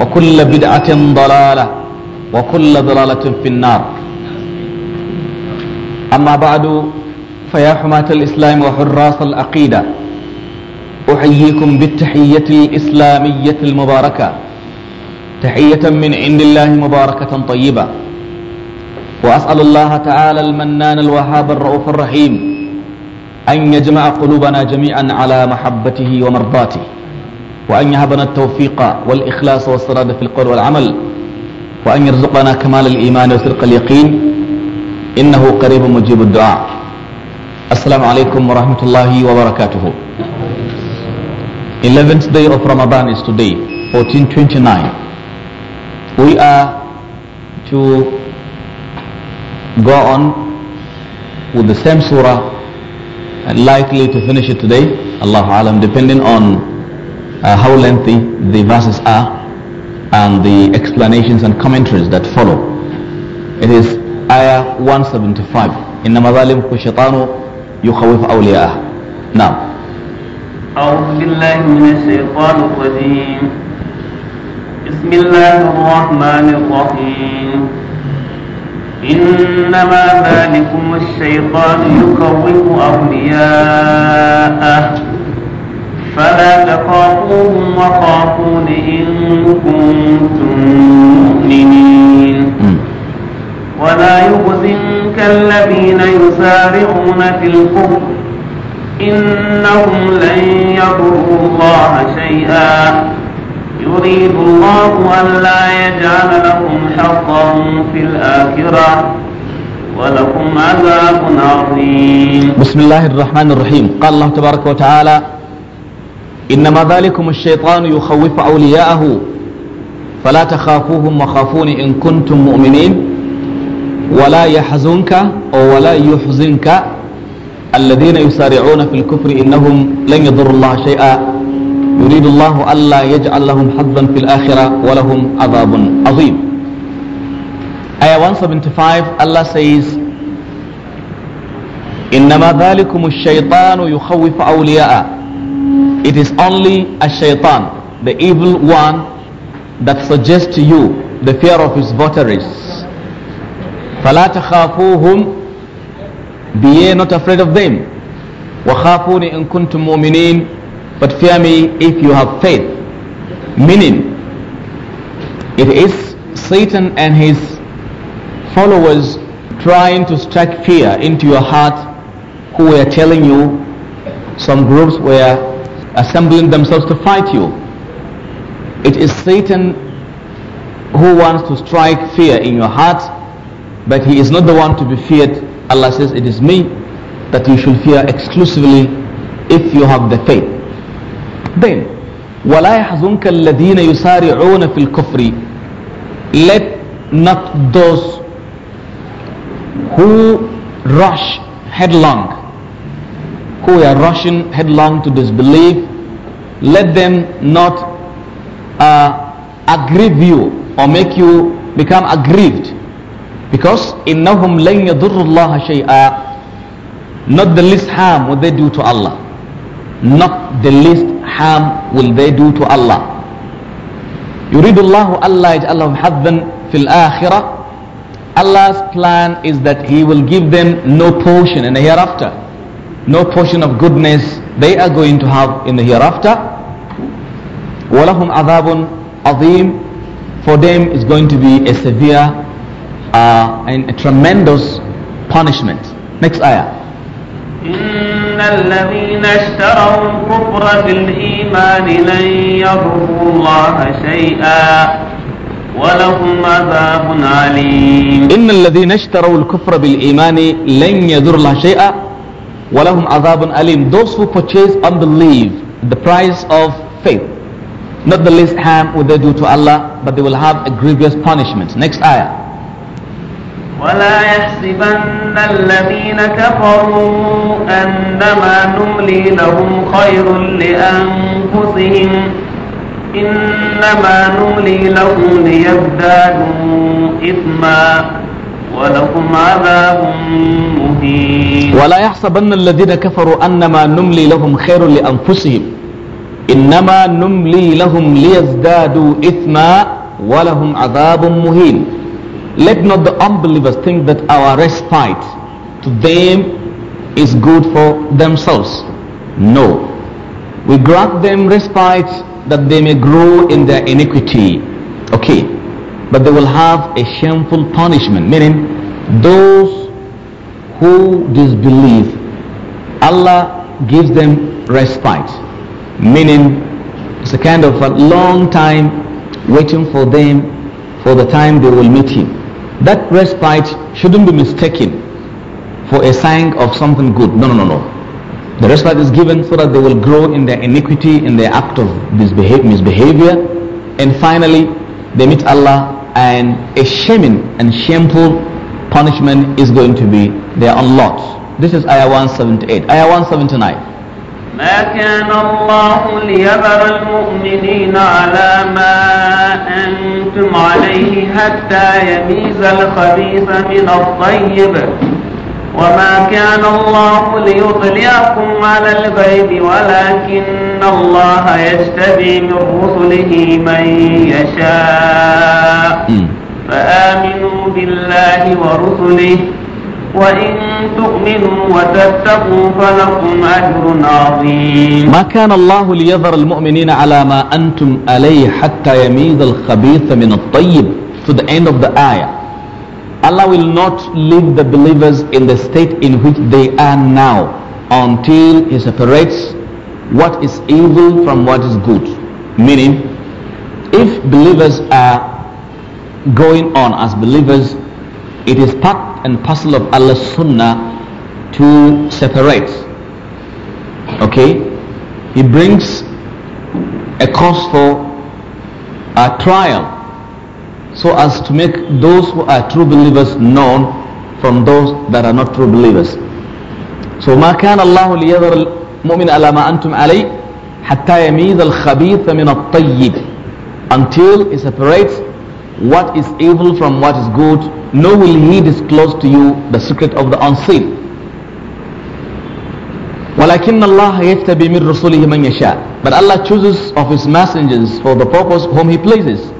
وكل بدعة ضلالة وكل ضلالة في النار أما بعد فيا حماة الإسلام وحراس العقيدة أحييكم بالتحية الإسلامية المباركة تحية من عند الله مباركة طيبة وأسأل الله تعالى المنان الوهاب الرؤوف الرحيم أن يجمع قلوبنا جميعا على محبته ومرضاته وأن يهبنا التوفيق والإخلاص والسراد في القول والعمل وأن يرزقنا كمال الإيمان وصدق اليقين إنه قريب مجيب الدعاء السلام عليكم ورحمة الله وبركاته 11th day of Ramadan is today 1429 we are to go on with the same surah and likely to finish it today Allah alam depending on Uh, how lengthy the verses are and the explanations and commentaries that follow. It is Ayah 175. Now. أعوذ بالله من الشيطان الرجيم بسم الله الرحمن الرحيم إنما ذلكم الشيطان يخوف أولياءه فلا تخافوهم وخافون إن كنتم مؤمنين ولا يحزنك الذين يسارعون في الكفر إنهم لن يضروا الله شيئا يريد الله ألا يجعل لهم حقا في الآخرة ولكم عذاب عظيم بسم الله الرحمن الرحيم قال الله تبارك وتعالى إنما ذلكم الشيطان يخوف أولياءه فلا تخافوهم وخافون إن كنتم مؤمنين ولا يحزنك أو ولا يحزنك الذين يسارعون في الكفر إنهم لن يضروا الله شيئا يريد الله ألا يجعل لهم حظا في الآخرة ولهم عذاب عظيم Ayah آية 175 Allah says إنما ذلكم الشيطان يخوف أولياءه it is only a shaitan, the evil one that suggests to you the fear of his votaries. فَلَا تَخَافُوهُمْ Be ye not afraid of them. وَخَافُونِ إِن كُنْتُم مُؤْمِنِينَ But fear me if you have faith. Meaning, it is Satan and his followers trying to strike fear into your heart who were telling you some groups were assembling themselves to fight you. It is Satan who wants to strike fear in your heart, but he is not the one to be feared. Allah says, It is me that you should fear exclusively if you have the faith. Then, وَلَا يَحْزُنْكَ الَّذِينَ يُسَارِعُونَ فِي الْكُفْرِ Let not those who rush headlong who are rushing headlong to disbelief, let them not uh, aggrieve you or make you become aggrieved. Because innahum لَنْ يَضُرُّ اللَّهَ Not the least harm will they do to Allah. Not the least harm will they do to Allah. يريد الله ألا يجعلهم حظا في الآخرة Allah's plan is that He will give them no portion in the hereafter no portion of goodness they are going to have in the hereafter. وَلَهُمْ عَذَابٌ عَظِيمٌ For them is going to be a severe uh, and a tremendous punishment. Next ayah. إن الذين اشتروا الكفر بالإيمان لن يضروا الله شيئا ولهم عذاب عليم إن الذين اشتروا الكفر بالإيمان لن يضر الله شيئا Walahum عَذَابٌ a'lim. Those who purchase unbelief, the price of faith. Not the least harm will they do to Allah, but they will have a grievous punishment. Next ayah. ولا يحسبن الذين كفروا أنما نملي لهم خير لأنفسهم إنما نملي لهم ليزدادوا إثما ولكم عذاب مهين ولا يحسبن الذين كفروا أنما نملي لهم خير لأنفسهم إنما نملي لهم ليزدادوا إثما ولهم عذاب مهين Let not the unbelievers think that our respite to them is good for themselves. No. We grant them respite that they may grow in their iniquity. Okay. but they will have a shameful punishment, meaning those who disbelieve, Allah gives them respite, meaning it's a kind of a long time waiting for them for the time they will meet Him. That respite shouldn't be mistaken for a sign of something good. No, no, no, no. The respite is given so that they will grow in their iniquity, in their act of misbehavior, and finally they meet Allah and a shaming and shameful punishment is going to be their lot. This is Ayah 178. Ayah 179. ما كان الله ليذر المؤمنين على ما أنتم عليه حتى يميز الخبيث من الطيب وما كان الله ليطلعكم على الغيب ولكن الله يجتبي من رسله من يشاء فآمنوا بالله ورسله وإن تؤمنوا وتتقوا فلكم أجر عظيم ما كان الله ليظهر المؤمنين على ما أنتم عليه حتى يميز الخبيث من الطيب to the end of the ayah Allah will not leave the believers in the state in which they are now until He separates what is evil from what is good. Meaning, if believers are going on as believers, it is part and parcel of Allah's sunnah to separate. Okay? He brings a cause for a trial so as to make those who are true believers known from those that are not true believers. So ما كان الله ليذر المؤمن على ما أنتم عليه حتى يميز الخبيث من الطيب until he separates what is evil from what is good nor will he disclose to you the secret of the unseen ولكن الله يتبي من رسوله من يشاء but Allah chooses of his messengers for the purpose whom he pleases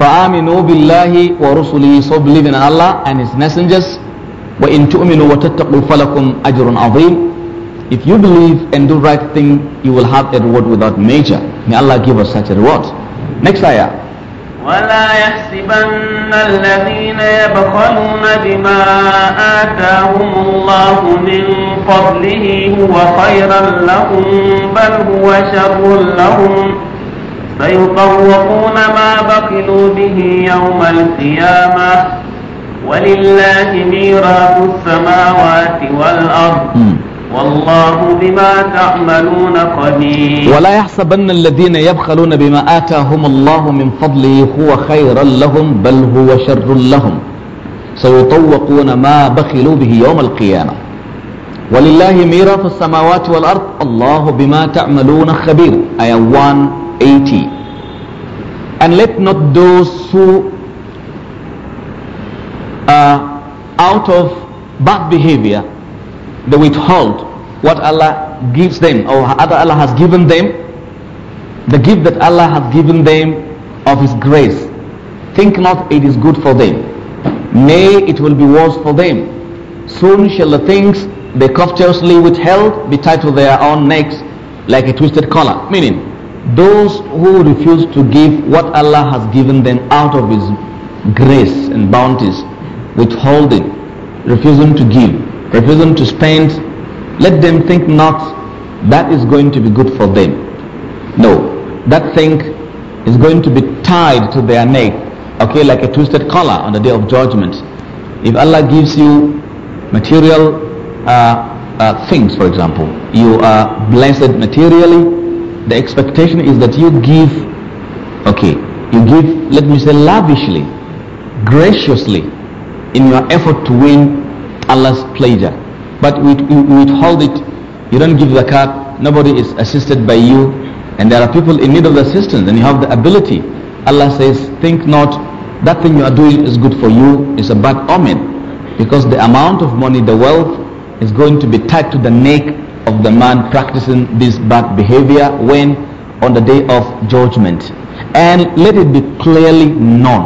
فآمنوا بالله ورسله so believe in Allah and His messengers وإن تؤمنوا وتتقوا فلكم أجر عظيم If you believe and do right thing, you will have a reward without measure. May Allah give us such a reward. Next ayah. ولا يحسبن الذين يبخلون بما آتاهم الله من فضله هو خيرا لهم بل هو شر لهم فيطوقون ما بخلوا به يوم القيامة ولله ميراث السماوات والأرض والله بما تعملون قدير ولا يحسبن الذين يبخلون بما آتاهم الله من فضله هو خيرا لهم بل هو شر لهم سيطوقون ما بخلوا به يوم القيامة ولله ميراث السماوات والأرض الله بما تعملون خبير آية 1 80. And let not those who are out of bad behavior, they withhold what Allah gives them or other Allah has given them, the gift that Allah has given them of His grace. Think not it is good for them. Nay, it will be worse for them. Soon shall the things they covetously withheld be tied to their own necks like a twisted collar. Meaning, those who refuse to give what Allah has given them out of His grace and bounties, withholding, refusing to give, refusing to spend, let them think not that is going to be good for them. No, that thing is going to be tied to their neck, okay, like a twisted collar on the day of judgment. If Allah gives you material uh, uh, things, for example, you are blessed materially, the expectation is that you give okay you give let me say lavishly graciously in your effort to win Allah's pleasure but we, withhold it you don't give the zakat nobody is assisted by you and there are people in need of assistance and you have the ability Allah says think not that thing you are doing is good for you It's a bad omen because the amount of money the wealth is going to be tied to the neck of the man practicing this bad behavior when on the day of judgment and let it be clearly known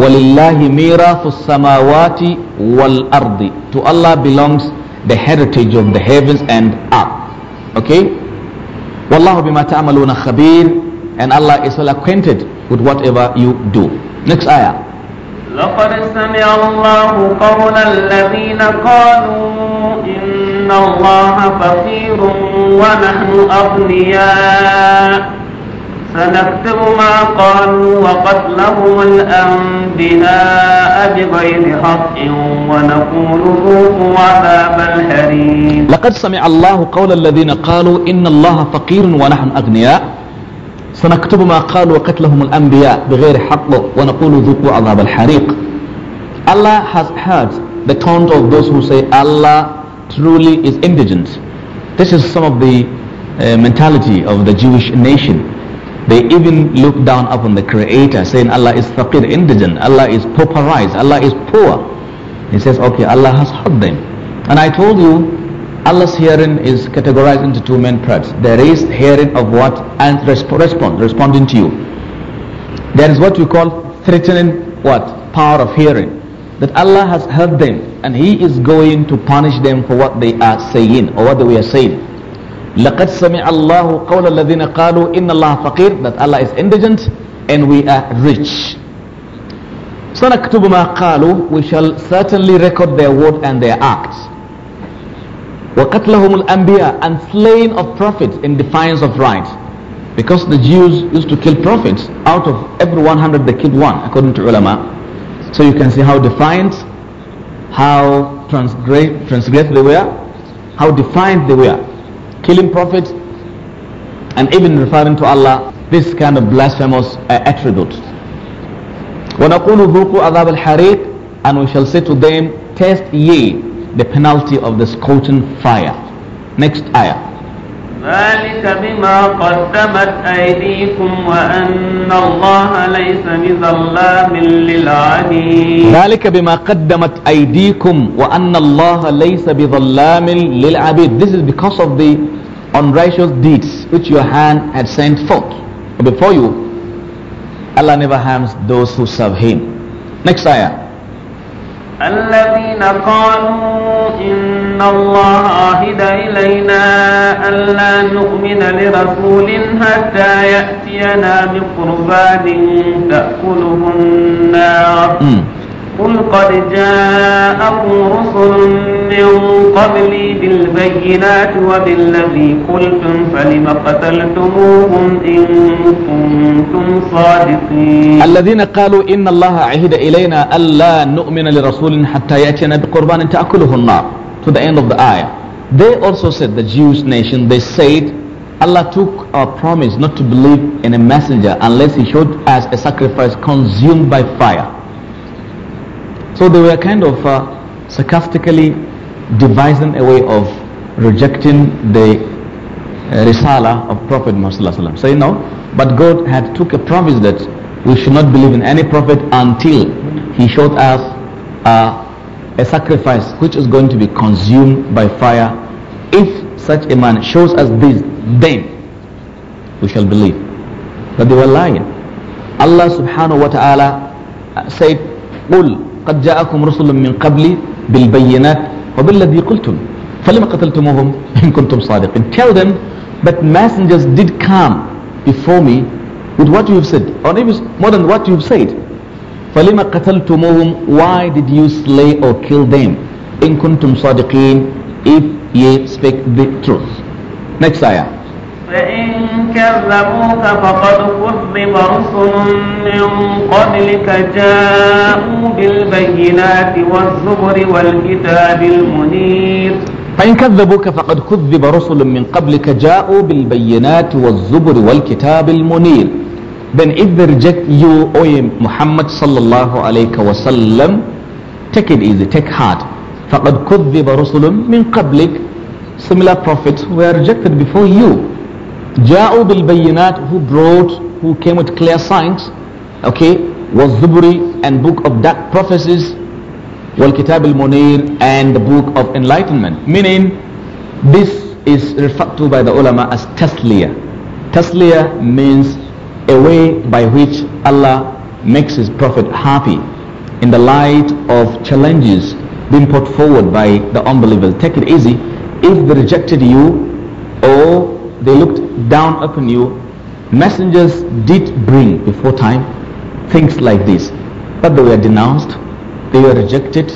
walillahi mirathus samawati wal ardi to Allah belongs the heritage of the heavens and earth okay wallahu bima ta'maluna khabir and Allah is well acquainted with whatever you do next ayah لقد سمع الله قول الذين قالوا إن الله فقير ونحن أغنياء سنكتب ما قالوا وقتلهم الأنبياء بغير حق ونقول ذوقوا عذاب الحريم لقد سمع الله قول الذين قالوا إن الله فقير ونحن أغنياء سنكتب ما قالوا وقتلهم الأنبياء بغير حق ونقول ذوقوا عذاب الحريق Allah has heard the taunt of those who say Allah truly is indigent. This is some of the uh, mentality of the Jewish nation. They even look down upon the Creator, saying Allah is faqir, indigent, Allah is pauperized, Allah is poor. He says, okay, Allah has hurt them. And I told you, Allah's hearing is categorized into two main parts. There is hearing of what and resp responding to you. There is what we call threatening what? Power of hearing. That Allah has heard them and he is going to punish them for what they are saying or what they are saying. لقد سمع الله قول الذين قالوا إن الله فقير that Allah is indigent and we are rich. سنكتب ما قالوا we shall certainly record their word and their acts. وقتلهم الأنبياء and slaying of prophets in defiance of right. Because the Jews used to kill prophets. Out of every 100 they killed one according to ulama. So you can see how defiant how transgressive transgress they were, how defiant they were, killing prophets, and even referring to Allah, this kind of blasphemous uh, attribute. وَنَقُولُ ذُوقُوا عَذَابَ الْحَرِيقِ And we shall say to them, "Test ye the penalty of the scorching fire. Next ayah. ذلك بما قدمت أيديكم وأن الله ليس بظلام للعبيد ذلك بما قدمت أيديكم وأن الله ليس بظلام للعبيد This is because of the unrighteous deeds which your hand had sent forth before you Allah never harms those who serve him Next ayah الذين قالوا إن الله عهد إلينا ألا نؤمن لرسول حتى يأتينا بقربان تأكله النار قل قد جاءكم رسل من قبلي بالبينات وبالذي قلتم فلم قتلتموهم إن كنتم صادقين الذين قالوا إن الله عهد إلينا ألا نؤمن لرسول حتى يأتينا بقربان تأكله النار to the end of the ayah they also said the Jewish nation they said Allah took our promise not to believe in a messenger unless he showed us a sacrifice consumed by fire So they were kind of uh, sarcastically devising a way of rejecting the uh, risala of Prophet Muhammad Say no, but God had took a promise that we should not believe in any prophet until he showed us uh, a sacrifice which is going to be consumed by fire. If such a man shows us this, then we shall believe. But they were lying. Allah subhanahu wa ta'ala uh, said, قُلْ قد جاءكم رسل من قبل بالبينات وبالذي قلتم فلما قتلتموهم إن كنتم صادقين tell them but messengers did come before me with what you have said or maybe more than what you have said فلما قتلتموهم why did you slay or kill them إن كنتم صادقين if ye speak the truth next ayah فإن كذبوك فقد كذب رسل من قبلك جاءوا بالبينات والزبر والكتاب المنير فإن كذبوك فقد كذب رسل من قبلك جاءوا بالبينات والزبر والكتاب المنير بن إذر جك يو أوي محمد صلى الله عليه وسلم sallam, take it easy, take heart. فَقَدْ كُذِّبَ رُسُلٌ مِّن قَبْلِكَ Similar prophets were rejected before you. Ja'u bil al-Bayyinat, who brought, who came with clear signs, okay, was Zuburi and book of dark prophecies, wal kitab al munir and the book of enlightenment. Meaning, this is referred to by the ulama as tasliya. Tasliya means a way by which Allah makes his prophet happy in the light of challenges being put forward by the unbelievers. Take it easy. If they rejected you or they looked down upon you, messengers did bring before time things like this, but they were denounced, they were rejected,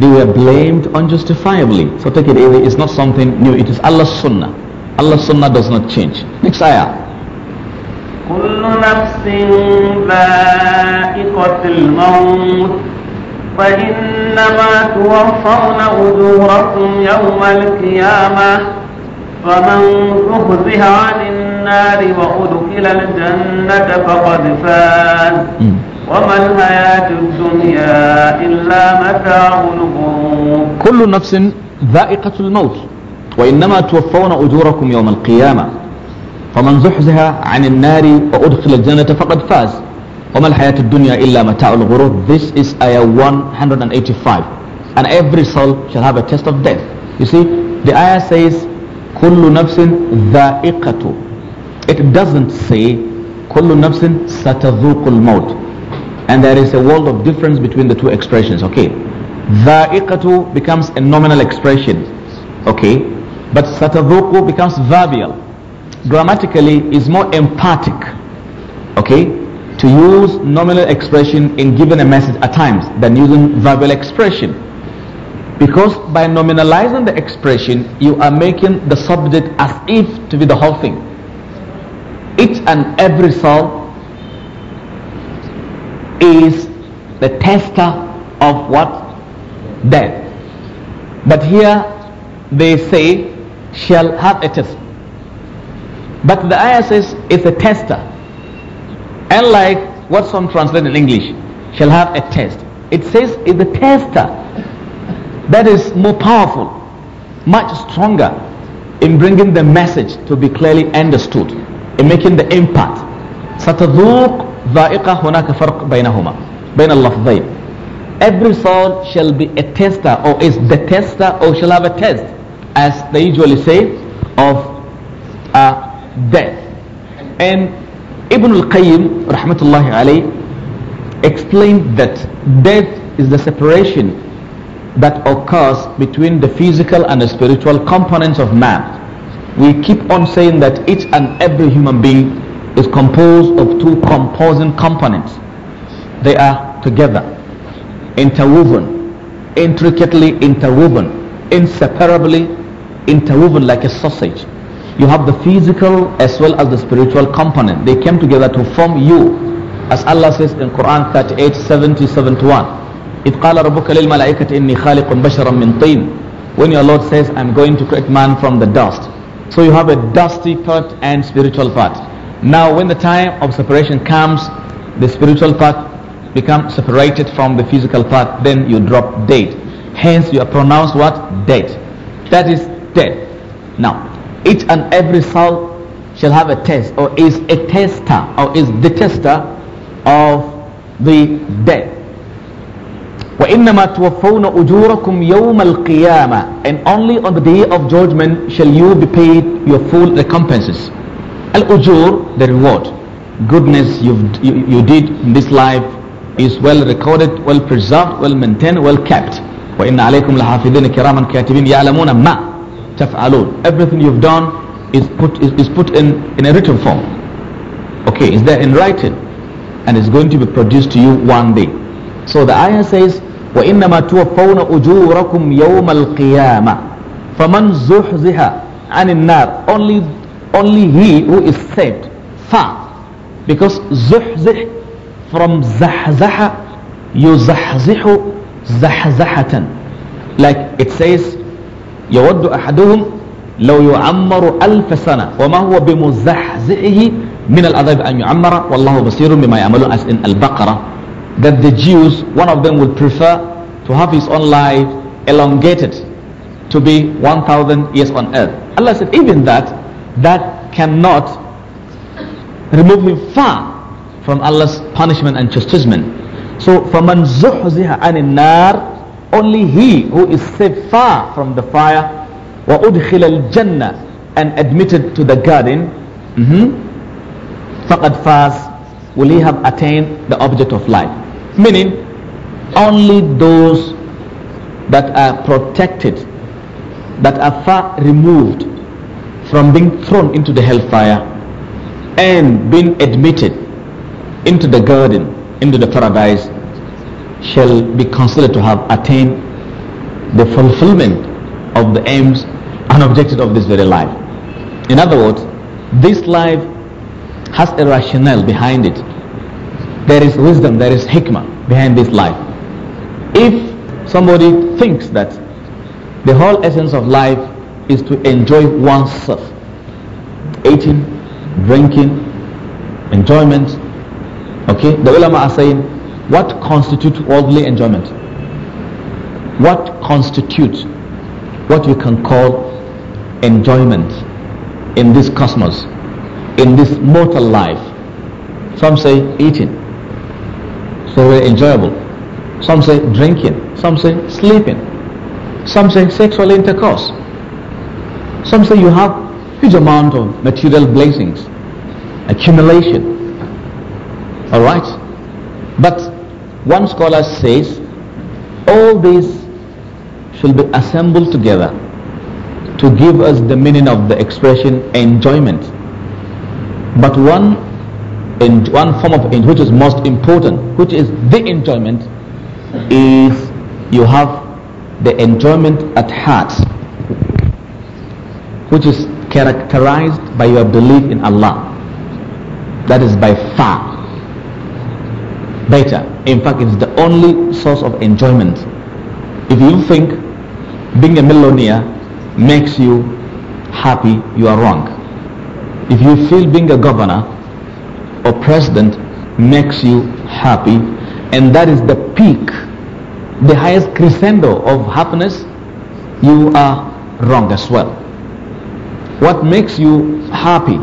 they were blamed unjustifiably. So take it away, it's not something new, it is Allah's sunnah. Allah's sunnah does not change. Next ayah. كل نفس ذائقة الموت فإنما توفون أجوركم يوم القيامة فمن أخزها عن النار وأدخل الجنة فقد فاز وما الحياة الدنيا إلا متاع الغرور كل نفس ذائقة الموت وإنما توفون أجوركم يوم القيامة فمن زحزها عن النار وأدخل الجنة فقد فاز وما الحياة الدنيا إلا متاع الغرور This is ayah 185 and every soul shall have a test of death you see the ayah says kullu nafsin dha'iqatu. It doesn't say kullu nafsin satadhuqul maut. And there is a world of difference between the two expressions. Okay. Dha'iqatu becomes a nominal expression. Okay. But satadhuqu becomes verbal. Grammatically is more emphatic. Okay to use nominal expression in giving a message at times than using verbal expression. Because by nominalizing the expression, you are making the subject as if to be the whole thing. Each and every soul is the tester of what? Death. But here they say, shall have a test. But the ayah says, it's a tester. Unlike what some translate in English, shall have a test. It says, it's a tester that is more powerful, much stronger in bringing the message to be clearly understood, in making the impact. ستذوق ذائقة هناك فرق بينهما بين اللفظين Every soul shall be a tester or is the tester or shall have a test as they usually say of uh, death. And Ibn al-Qayyim rahmatullahi alayh explained that death is the separation that occurs between the physical and the spiritual components of man. We keep on saying that each and every human being is composed of two composing components. They are together, interwoven, intricately interwoven, inseparably interwoven like a sausage. You have the physical as well as the spiritual component. They came together to form you, as Allah says in Quran 38, 70, 71. إذ قال ربك للملائكة إني خالق بشرا من طين when your Lord says I'm going to create man from the dust so you have a dusty part and spiritual part now when the time of separation comes the spiritual part becomes separated from the physical part then you drop dead hence you are pronounced what dead that is dead now each and every soul shall have a test or is a tester or is the tester of the dead وَإِنَّمَا تُوَفَّوْنَ أُجُورَكُمْ يَوْمَ الْقِيَامَةِ And only on the day of judgment shall you be paid your full recompenses. Al-Ujur, the reward. Goodness you've, you, you did in this life is well recorded, well preserved, well maintained, well kept. وَإِنَّ عَلَيْكُمْ لَحَافِظِينَ كِرَامًا كَاتِبِينَ يَعْلَمُونَ مَا تَفْعَلُونَ Everything you've done is put, is, is put in, in a written form. Okay, is there in writing and it's going to be produced to you one day. So the ayah says, وَإِنَّمَا تُوَفَّوْنَ أُجُورَكُمْ يَوْمَ الْقِيَامَةِ فَمَنْ زحزها عَنِ النَّارِ Only, only he who is saved, far. Because زُحْزِح from زَحْزَحَ يُزَحْزِحُ زَحْزَحَةً Like it says, يود أحدهم لو يعمر ألف سنة وما هو بمزحزحه من العذاب أن يعمر والله بصير بما يعملون as in البقرة that the Jews, one of them would prefer to have his own life elongated to be 1,000 years on earth. Allah said, even that, that cannot remove him far from Allah's punishment and chastisement. So, فَمَنْ زُحْزِهَ عَنِ النَّارِ Only he who is saved far from the fire, وَأُدْخِلَ الْجَنَّةِ And admitted to the garden, mm-hmm, فَاسِ Will he have attained the object of life? Meaning, only those that are protected, that are far removed from being thrown into the hellfire and being admitted into the garden, into the paradise, shall be considered to have attained the fulfillment of the aims and objectives of this very life. In other words, this life has a rationale behind it there is wisdom, there is hikmah behind this life. If somebody thinks that the whole essence of life is to enjoy oneself, eating, drinking, enjoyment, okay, the ulama are saying what constitutes worldly enjoyment? What constitutes what we can call enjoyment in this cosmos, in this mortal life? Some say eating so very enjoyable. Some say drinking, some say sleeping, some say sexual intercourse, some say you have huge amount of material blessings, accumulation. All right, but one scholar says all these shall be assembled together to give us the meaning of the expression enjoyment. But one in one form of which is most important, which is the enjoyment, is you have the enjoyment at heart, which is characterized by your belief in Allah. That is by far better. In fact, it's the only source of enjoyment. If you think being a millionaire makes you happy, you are wrong. If you feel being a governor or president makes you happy and that is the peak the highest crescendo of happiness you are wrong as well what makes you happy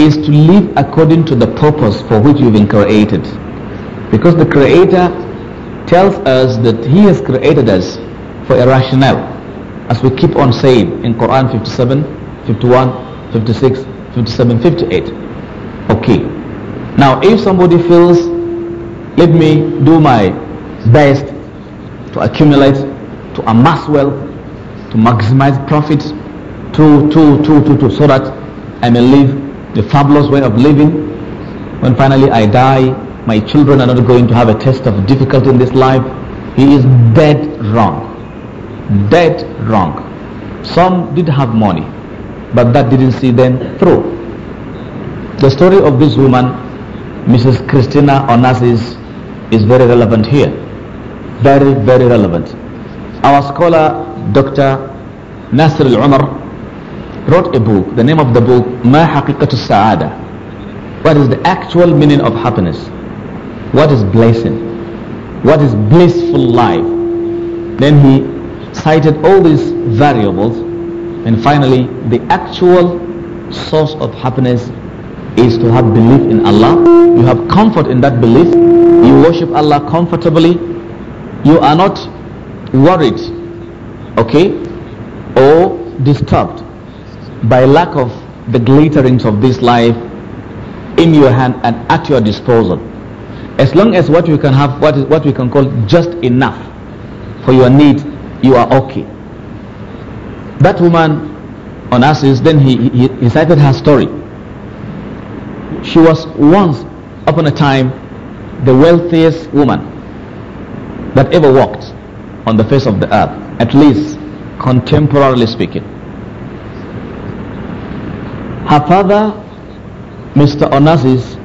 is to live according to the purpose for which you've been created because the creator tells us that he has created us for a rationale as we keep on saying in quran 57 51 56 57 58 okay now, if somebody feels, let me do my best to accumulate, to amass wealth, to maximize profits, to, to, to, to, to, so that I may live the fabulous way of living. When finally I die, my children are not going to have a test of difficulty in this life. He is dead wrong. Dead wrong. Some did have money, but that didn't see them through. The story of this woman Mrs. Christina Onassis is very relevant here. Very, very relevant. Our scholar, Dr. Nasir al-Umar, wrote a book. The name of the book, Ma Haqiqatu Sa'ada. What is the actual meaning of happiness? What is blessing? What is blissful life? Then he cited all these variables and finally the actual source of happiness is to have belief in Allah. You have comfort in that belief. You worship Allah comfortably. You are not worried, okay, or disturbed by lack of the glitterings of this life in your hand and at your disposal. As long as what you can have, what is what we can call just enough for your need, you are okay. That woman on us is then he, he, he cited her story she was once upon a time the wealthiest woman that ever walked on the face of the earth, at least contemporarily speaking. Her father, Mr. Onassis,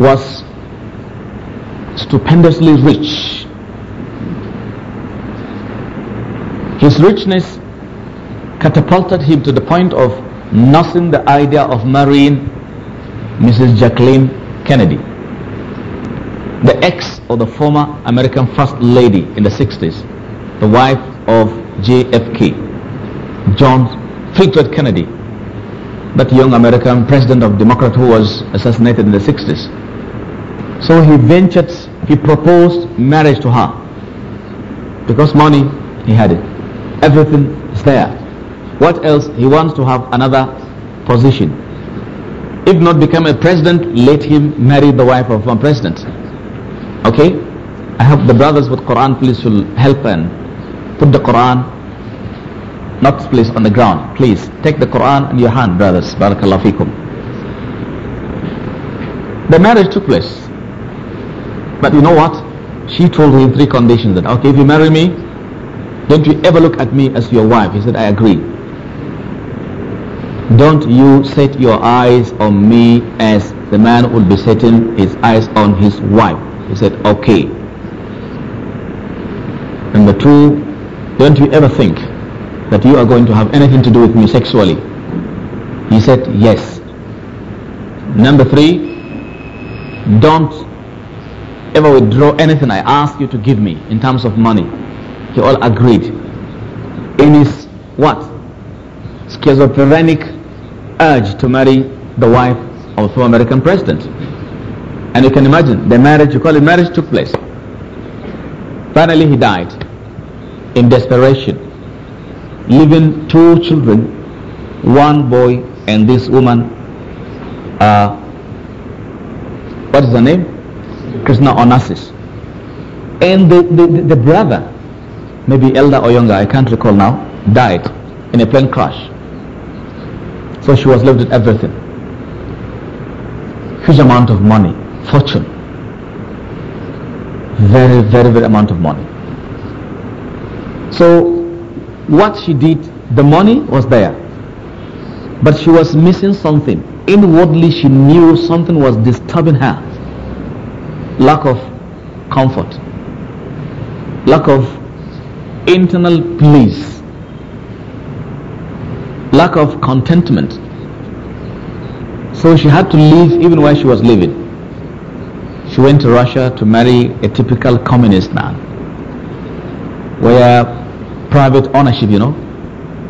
was stupendously rich. His richness catapulted him to the point of nursing the idea of marrying Mrs. Jacqueline Kennedy, the ex of the former American First Lady in the 60s, the wife of JFK, John Fitzgerald Kennedy, that young American president of Democrat who was assassinated in the 60s. So he ventured, he proposed marriage to her. Because money, he had it. Everything is there. What else? He wants to have another position if not become a president, let him marry the wife of a president. Okay? I hope the brothers with Quran please will help and put the Quran not please on the ground. Please take the Quran in your hand, brothers. Barakallahu fikum. The marriage took place. But you know what? She told him three conditions that okay, if you marry me, don't you ever look at me as your wife. He said, I agree don't you set your eyes on me as the man would be setting his eyes on his wife. He said, okay. Number two, don't you ever think that you are going to have anything to do with me sexually. He said, yes. Number three, don't ever withdraw anything I ask you to give me in terms of money. He all agreed. In his what? Schizophrenic urged to marry the wife of a former American president. And you can imagine the marriage, you call it marriage, took place. Finally, he died in desperation, leaving two children, one boy and this woman. Uh, what is her name? Krishna Onassis. And the, the, the brother, maybe elder or younger, I can't recall now, died in a plane crash. So she was left with everything. Huge amount of money, fortune. Very, very, very amount of money. So what she did, the money was there. But she was missing something. Inwardly she knew something was disturbing her. Lack of comfort. Lack of internal peace lack of contentment. So she had to leave even while she was living. She went to Russia to marry a typical communist man, where private ownership, you know,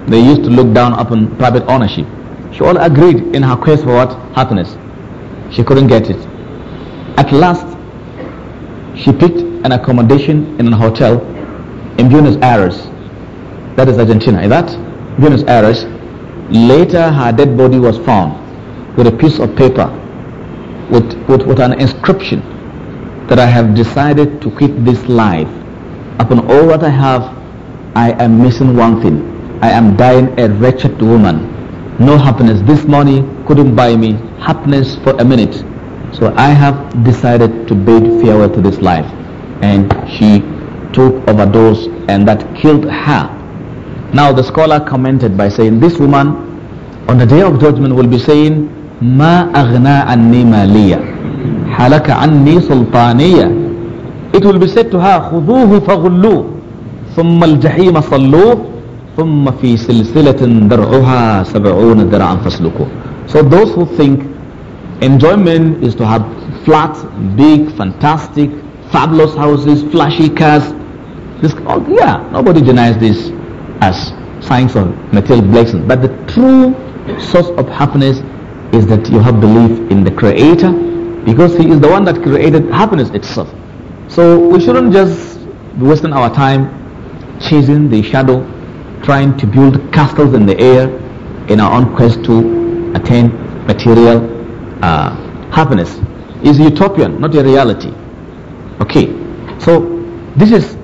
they used to look down upon private ownership. She all agreed in her quest for what? Happiness. She couldn't get it. At last, she picked an accommodation in an hotel in Buenos Aires. That is Argentina. Is that Buenos Aires? Later, her dead body was found with a piece of paper with, with, with an inscription that I have decided to quit this life. Upon all that I have, I am missing one thing. I am dying a wretched woman. No happiness. This money couldn't buy me happiness for a minute. So I have decided to bid farewell to this life. And she took overdose and that killed her. Now the scholar commented by saying, this woman on the day of judgment will be saying, ما أغنى عني مالية حلك عني It will be said to her, خذوه فغلوه ثم الجحيم صلوه ثم في سلسلة درعها سبعون درعا So those who think enjoyment is to have flat, big, fantastic, fabulous houses, flashy cars, this, oh, yeah, nobody denies this as science or material blessings. But the true source of happiness is that you have belief in the Creator because He is the one that created happiness itself. So we shouldn't just be wasting our time chasing the shadow, trying to build castles in the air in our own quest to attain material uh, happiness. Is utopian, not a reality. Okay, so this is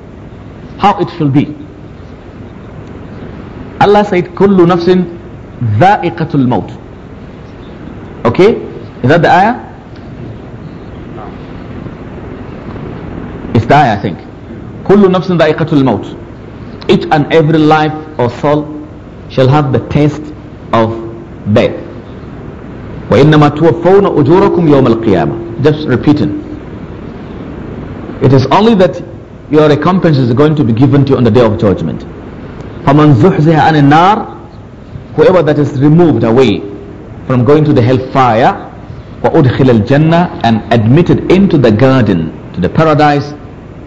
how it should be. Allah said, Kullu nafsin dha'iqatul maut. Okay? Is that the ayah? It's the ayah, I think. Kullu nafsin dha'iqatul maut. Each and every life or soul shall have the taste of death. وإنما توفون أجوركم يوم القيامة. Just repeating. It is only that your recompense is going to be given to you on the day of judgment. فَمَنْ زُحْزِهَ عَنِ النَّارِ Whoever that is removed away from going to the hellfire, وَأُدْخِلَ الْجَنَّةِ And admitted into the garden, to the paradise,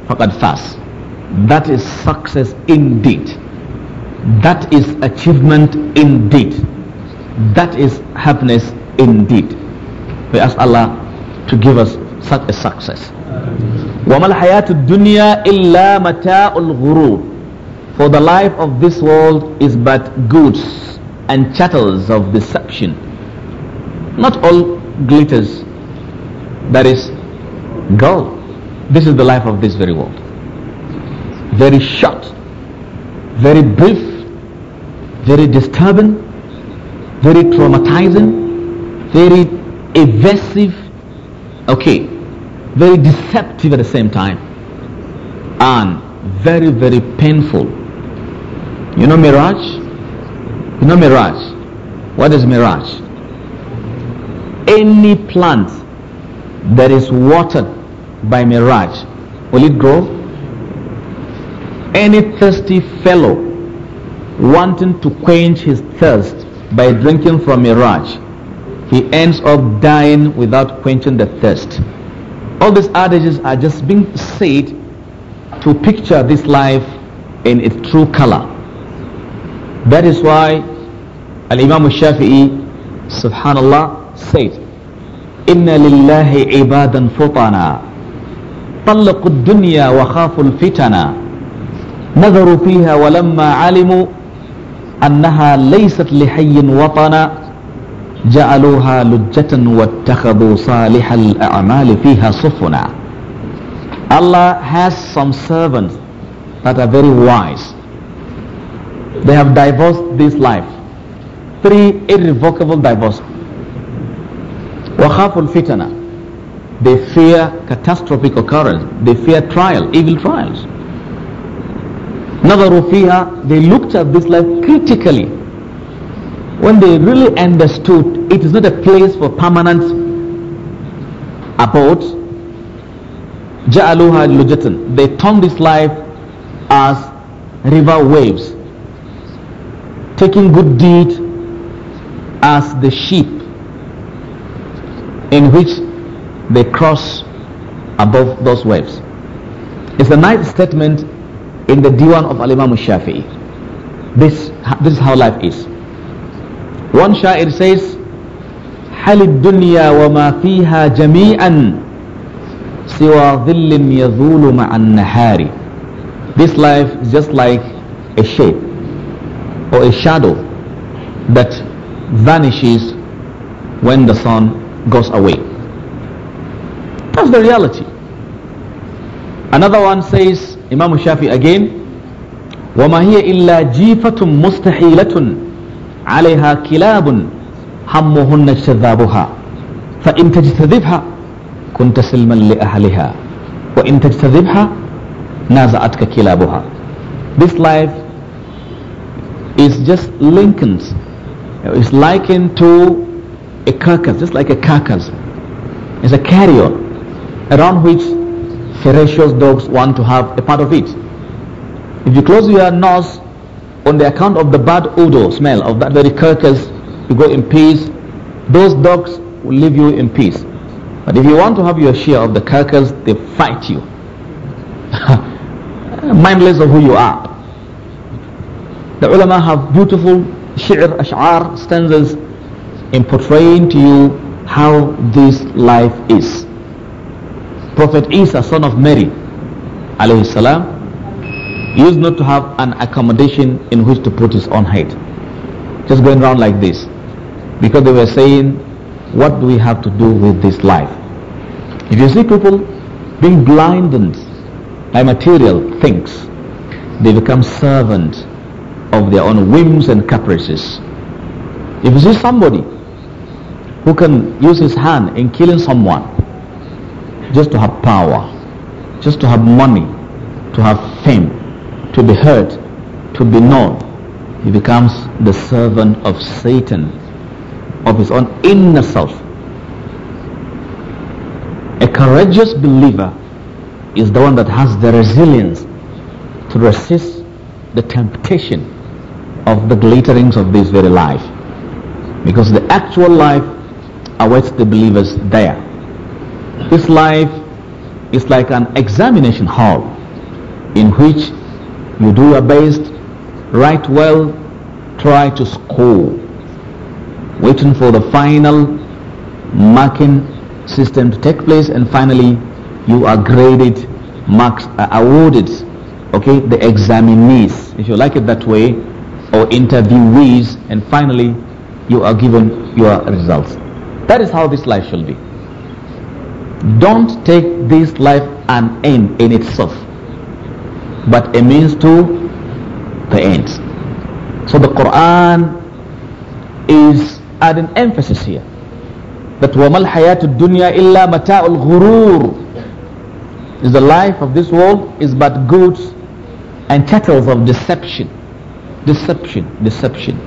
فَقَدْ فَاسْ That is success indeed. That is achievement indeed. That is happiness indeed. We ask Allah to give us such a success. وَمَا الْحَيَاةُ الدُّنْيَا إِلَّا مَتَاءُ الْغُرُورِ for the life of this world is but goods and chattels of deception. Not all glitters, that is gold. This is the life of this very world. Very short, very brief, very disturbing, very traumatizing, very evasive, okay, very deceptive at the same time, and very, very painful you know mirage? You know mirage? What is mirage? Any plant that is watered by mirage, will it grow? Any thirsty fellow wanting to quench his thirst by drinking from mirage, he ends up dying without quenching the thirst. All these adages are just being said to picture this life in its true color. That is why Al Imam Shafi'i Subhanallah said Inna lillahi ibadan futana طلقوا الدنيا وخافوا الفتنة نظروا فيها ولما علموا أنها ليست لحي وطنا جعلوها لجة واتخذوا صالح الأعمال فيها صفنا Allah has some servants that are very wise they have divorced this life. Three irrevocable divorce. Wahaful fitana. They fear catastrophic occurrence. They fear trial, evil trials. نظروا they looked at this life critically when they really understood it is not a place for permanent abode جعلوها لجة they turned this life as river waves taking good deed as the sheep in which they cross above those waves. It's a nice statement in the Diwan of Alimam imam Shafi'i. This, this is how life is. One Sha'ir says, حل الدنيا وما فيها جميعا سوى ظل يذول مع النهار This life is just like a shape or a shadow that vanishes when the sun goes away. That's the reality. Another one says, Imam Shafi again, وما هي إلا جيفة مستحيلة عليها كلاب همهن شذابها فإن تجتذبها كنت سلما لأهلها وإن تجتذبها كلابها This life is just likened. It's likened to a carcass, just like a carcass. It's a carrier around which ferocious dogs want to have a part of it. If you close your nose on the account of the bad odor, smell of that very carcass, you go in peace. Those dogs will leave you in peace. But if you want to have your share of the carcass, they fight you. Mindless of who you are. The ulama have beautiful shi'r, ash'ar, stanzas in portraying to you how this life is. Prophet Isa, son of Mary, alayhi salam, used not to have an accommodation in which to put his own head. Just going around like this. Because they were saying, what do we have to do with this life? If you see people being blinded by material things, they become servants of their own whims and caprices. If you see somebody who can use his hand in killing someone just to have power, just to have money, to have fame, to be heard, to be known, he becomes the servant of Satan, of his own inner self. A courageous believer is the one that has the resilience to resist the temptation of the glitterings of this very life. Because the actual life awaits the believers there. This life is like an examination hall in which you do your best, write well, try to score, waiting for the final marking system to take place and finally you are graded, marks are uh, awarded, okay, the examinees, if you like it that way, or interviewees and finally you are given your results. That is how this life shall be. Don't take this life an end in itself, but a means to the end. So the Quran is adding emphasis here that وَمَا الْحَيَاةُ الدُّنْيَا إِلَّا مَتَاءُ الْغُرُورِ is the life of this world is but goods and chattels of deception Deception, deception.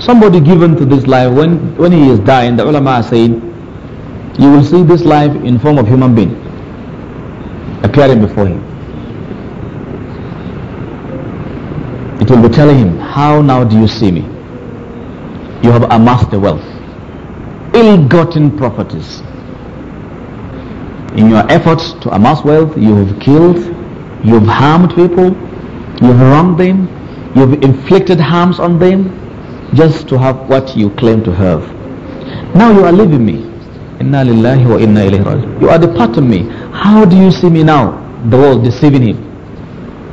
Somebody given to this life, when, when he is dying, the ulama are saying, you will see this life in form of human being appearing before him. It will be telling him, how now do you see me? You have amassed the wealth, ill-gotten properties, in your efforts to amass wealth, you have killed, you have harmed people, you have wronged them, You've inflicted harms on them just to have what you claim to have. Now you are leaving me. Inna lillahi wa inna ilayhi You are departing me. How do you see me now? The world deceiving him.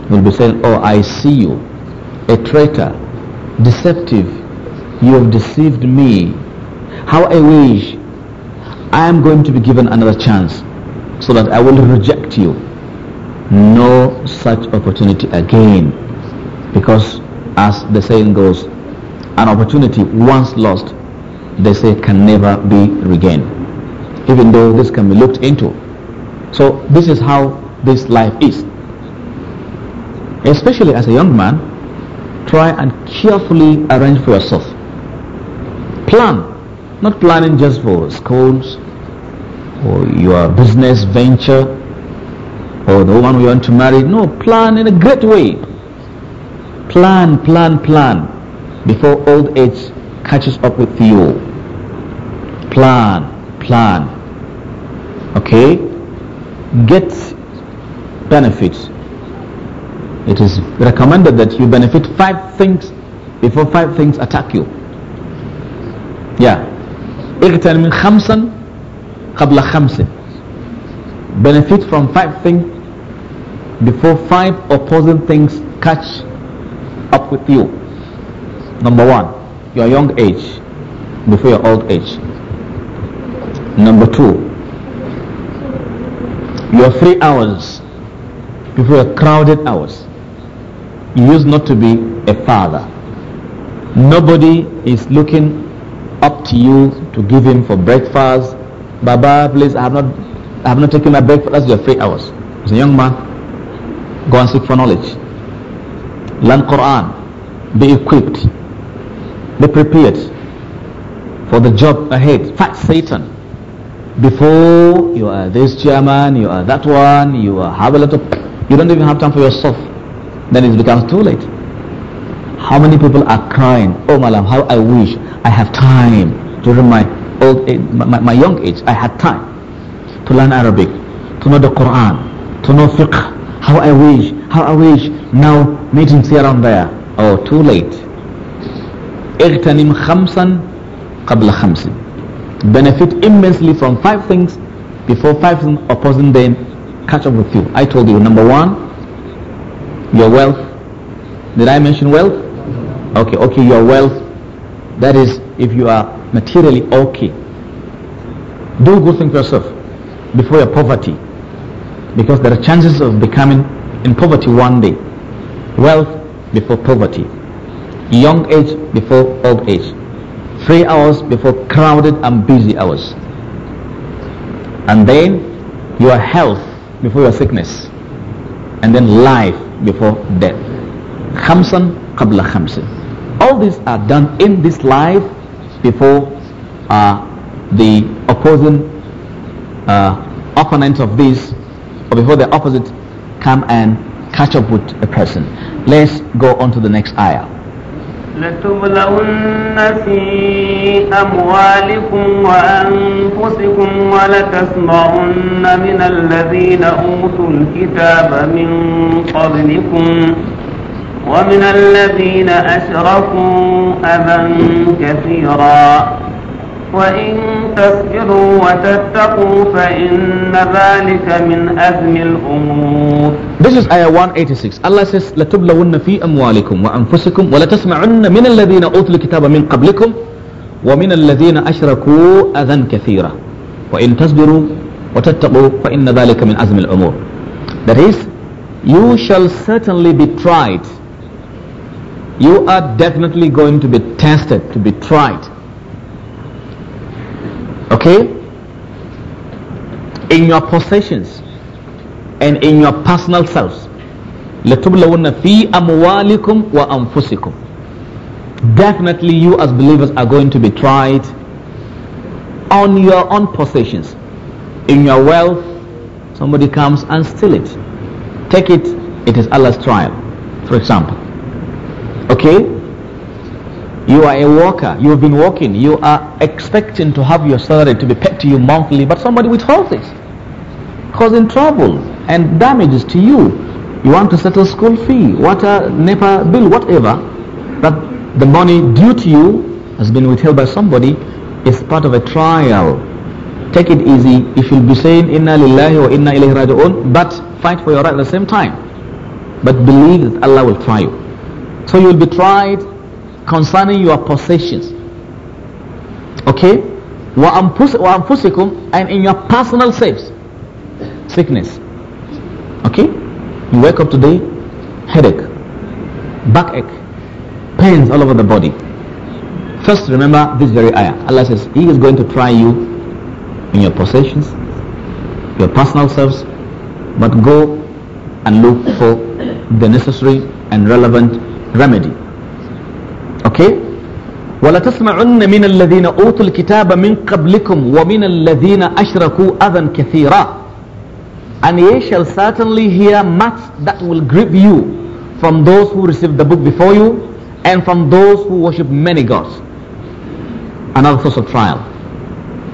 He will be saying, oh, I see you, a traitor, deceptive. You have deceived me. How I wish I am going to be given another chance so that I will reject you. No such opportunity again. Because as the saying goes, an opportunity once lost, they say can never be regained. Even though this can be looked into. So this is how this life is. Especially as a young man, try and carefully arrange for yourself. Plan, not planning just for schools or your business venture or the woman you want to marry. No, plan in a great way Plan, plan, plan before old age catches up with you. Plan, plan. Okay? Get benefits. It is recommended that you benefit five things before five things attack you. Yeah. اغتنم خمسا قبل خمس. Benefit from five things before five opposing things catch up with you. Number one, your young age before your old age. Number two, your free hours before your crowded hours. You used not to be a father. Nobody is looking up to you to give him for breakfast. Baba, please, I have not, I have not taken my breakfast. That's your three hours. As a young man, go and seek for knowledge learn Quran, be equipped, be prepared for the job ahead. Fight Satan. Before you are this chairman, you are that one, you are have a lot of, you don't even have time for yourself. Then it becomes too late. How many people are crying? Oh, Malam, how I wish I have time during my old age, my, my young age. I had time to learn Arabic, to know the Quran, to know fiqh, how I wish, how I wish. Now meeting him here and there. Oh, too late. اغتنم خمسا قبل خمس. Benefit immensely from five things before five things opposing them catch up with you. I told you, number one, your wealth. Did I mention wealth? Okay, okay, your wealth. That is, if you are materially okay. Do good thing for yourself before your poverty because there are chances of becoming in poverty one day. Wealth before poverty. Young age before old age. Three hours before crowded and busy hours. And then your health before your sickness. And then life before death. Khamsan qabla khamsin. All these are done in this life before uh, the opposing uh, opponent of this or before the opposite come and catch up with a person. Let's go on to the next ayah. لتبلون في أموالكم وأنفسكم ولتسمعن من الذين أوتوا الكتاب من قبلكم ومن الذين أشركوا أبا كثيرا وإن تصبروا وتتقوا فإن ذلك من أزم الأمور This is ayah 186. Allah says, لتبلون في أموالكم وأنفسكم ولتسمعن من الذين أوتوا الكتاب من قبلكم ومن الذين أشركوا أذى كثيرا وإن تصبروا وتتقوا فإن ذلك من أزم الأمور. That is, you shall certainly be tried. You are definitely going to be tested, to be tried. okay in your possessions and in your personal selves definitely you as believers are going to be tried on your own possessions in your wealth somebody comes and steal it take it it is Allah's trial for example okay you are a worker. You have been working. You are expecting to have your salary to be paid to you monthly, but somebody withholds it, causing trouble and damages to you. You want to settle school fee, water, NEPA bill, whatever, but the money due to you has been withheld by somebody. It's part of a trial. Take it easy. If you'll be saying Inna Lillahi wa Inna Ilaihi Raji'un, but fight for your right at the same time. But believe that Allah will try you. So you will be tried concerning your possessions. Okay? وأنفسكم and in your personal selves. Sickness. Okay? You wake up today, headache, backache, pains all over the body. First, remember this very ayah. Allah says, He is going to try you in your possessions, your personal selves, but go and look for the necessary and relevant remedy. Okay? ولتسمعن من الذين أوتوا الكتاب من قبلكم ومن الذين أشركوا أذى كثيرا And ye shall certainly hear much that will grieve you from those who received the book before you and from those who worship many gods. Another source of trial.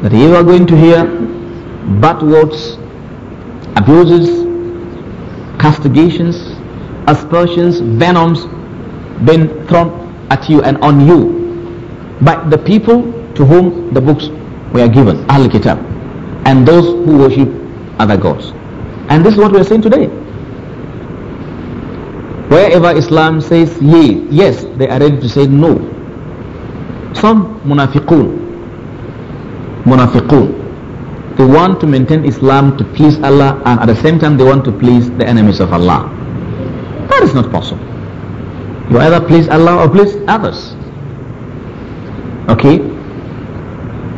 That you are going to hear bad words, abuses, castigations, aspersions, venoms being thrown at you and on you by the people to whom the books were given, Al Kitab, and those who worship other gods. And this is what we are saying today. Wherever Islam says yea, yes, they are ready to say no. Some munafiqun, munafiqun, they want to maintain Islam to please Allah and at the same time they want to please the enemies of Allah. That is not possible. You either please Allah or please others. Okay?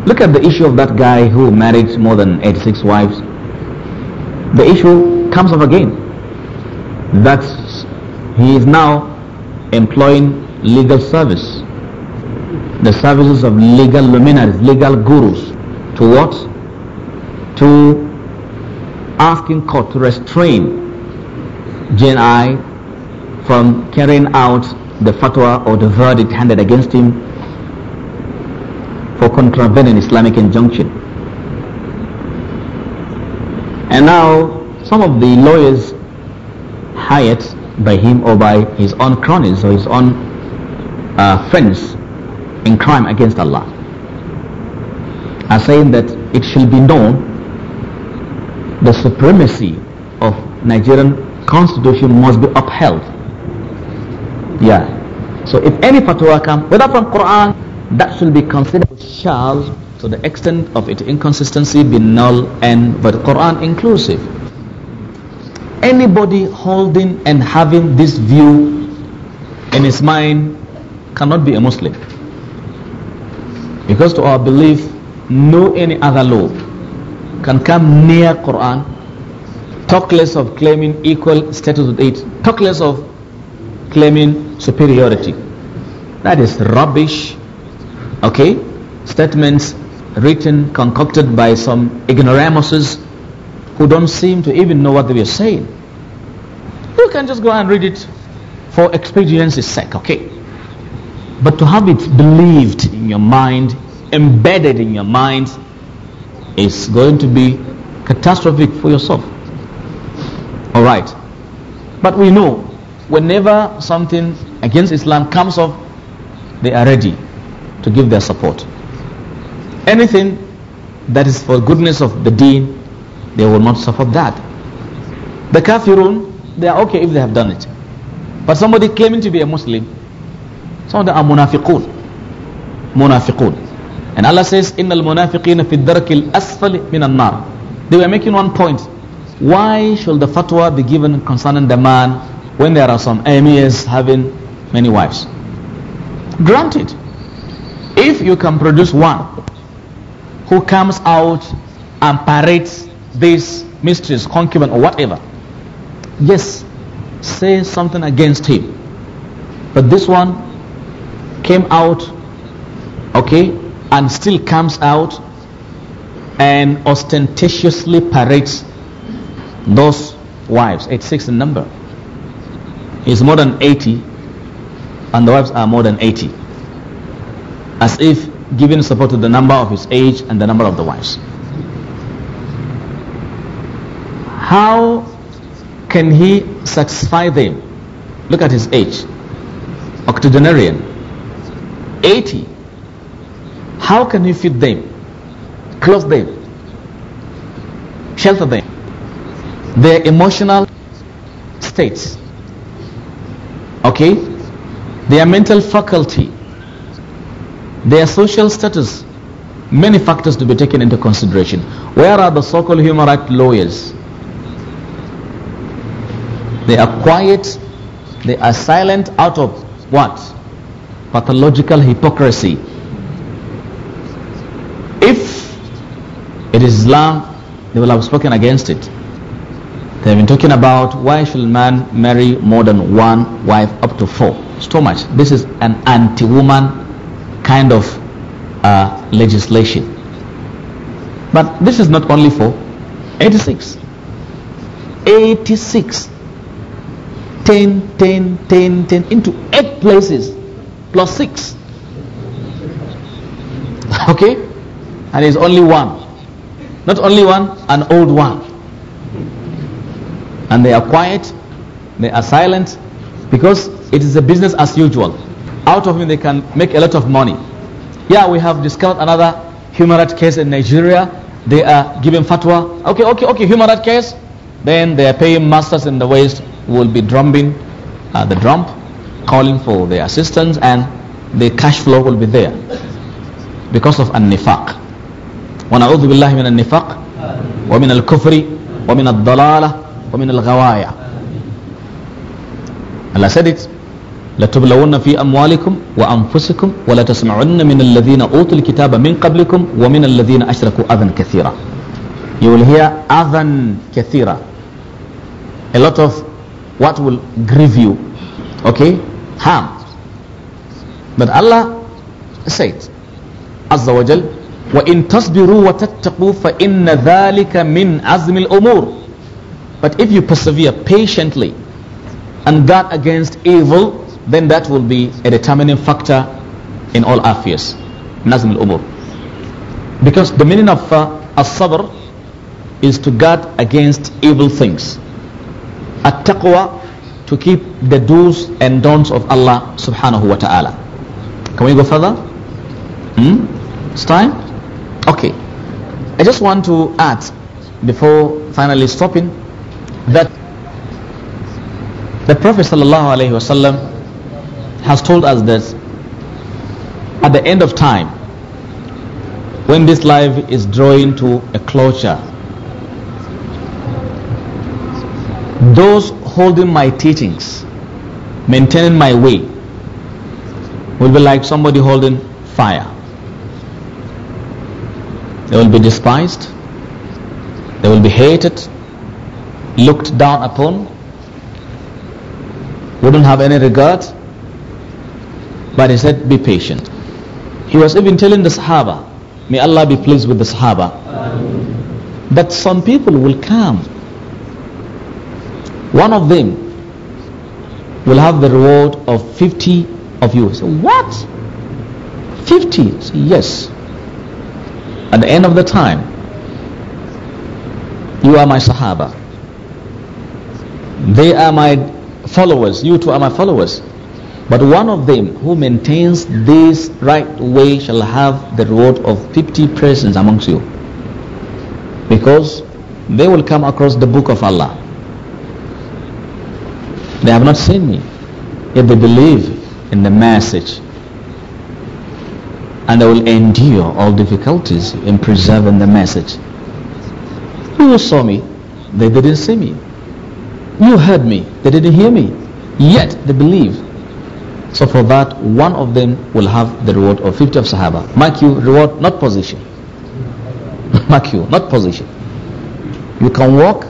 Look at the issue of that guy who married more than 86 wives. The issue comes up again. That he is now employing legal service. The services of legal luminaries, legal gurus. To what? To asking court to restrain Gen I from carrying out the fatwa or the verdict handed against him for contravening Islamic injunction. And now some of the lawyers hired by him or by his own cronies or his own uh, friends in crime against Allah are saying that it should be known the supremacy of Nigerian constitution must be upheld yeah. So if any fatwa comes, whether from Quran, that should be considered shall to the extent of its inconsistency be null and but Quran inclusive. Anybody holding and having this view in his mind cannot be a Muslim. Because to our belief, no any other law can come near Quran, talk less of claiming equal status with it, talk less of claiming superiority. That is rubbish, okay? Statements written, concocted by some ignoramuses who don't seem to even know what they were saying. You can just go and read it for expediency's sake, okay? But to have it believed in your mind, embedded in your mind, is going to be catastrophic for yourself. All right. But we know whenever something against Islam comes up, they are ready to give their support. Anything that is for goodness of the deen, they will not support that. The kafirun, they are okay if they have done it. But somebody came in to be a Muslim. Some of them are munafiqun. Munafiqun. And Allah says, إِنَّ الْمُنَافِقِينَ فِي الدَّرْكِ الْأَسْفَلِ مِنَ النَّارِ They were making one point. Why should the fatwa be given concerning the man when there are some emirs having many wives. Granted, if you can produce one who comes out and parades this mistress, concubine, or whatever, yes, say something against him. But this one came out, okay, and still comes out and ostentatiously parades those wives, 86 in number. He's more than 80 and the wives are more than 80 as if giving support to the number of his age and the number of the wives how can he satisfy them look at his age octogenarian 80 how can he feed them clothe them shelter them their emotional states okay their mental faculty, their social status, many factors to be taken into consideration. Where are the so-called human rights lawyers? They are quiet, they are silent out of what? Pathological hypocrisy. If it is Islam, they will have spoken against it. They have been talking about why should man marry more than one wife up to four. It's too much. This is an anti-woman kind of uh, legislation. But this is not only for 86. 86. 10, 10, 10, 10 into 8 places plus 6. Okay? And it's only one. Not only one, an old one. And they are quiet, they are silent because it is a business as usual. Out of it, they can make a lot of money. Yeah, we have discovered another human rights case in Nigeria. They are giving fatwa. Okay, okay, okay, human rights case. Then they are paying masters in the West will be drumming uh, the drum, calling for their assistance, and the cash flow will be there because of an-nifaq. وَنَعُوذُ بِاللَّهِ مِنَ النِّفَاقِ وَمِنَ الْكُفْرِ وَمِنَ الضَّلَالَةِ وَمِنَ الْغَوَايَةِ Allah said it لتبلون في أموالكم وأنفسكم ولا تسمعن من الذين أوتوا الكتاب من قبلكم ومن الذين أشركوا أذى كثيرا يقول هي أذى كثيرا A lot of what will grieve you Okay? Harm But Allah said عز وجل وإن تصبروا وتتقوا فإن ذلك من عزم الأمور But if you persevere patiently and guard against evil then that will be a determining factor in all affairs. Nazm al-Umur. Because the meaning of uh, as-sabr is to guard against evil things. At-taqwa to keep the do's and don'ts of Allah subhanahu wa ta'ala. Can we go further? Hmm? It's time? Okay. I just want to add before finally stopping that the Prophet sallallahu alaihi wasallam has told us that at the end of time, when this life is drawing to a closure, those holding my teachings, maintaining my way, will be like somebody holding fire. They will be despised, they will be hated, looked down upon, wouldn't have any regard but he said, be patient. He was even telling the Sahaba, may Allah be pleased with the Sahaba. Amen. But some people will come. One of them will have the reward of 50 of you. So what? 50? yes. At the end of the time, you are my Sahaba. They are my followers. You two are my followers. But one of them who maintains this right way shall have the reward of 50 persons amongst you. Because they will come across the book of Allah. They have not seen me, yet they believe in the message. And they will endure all difficulties in preserving the message. You saw me, they didn't see me. You heard me, they didn't hear me. Yet they believe so for that, one of them will have the reward of 50 of Sahaba. Mark you, reward not position. Mark you, not position. You can walk.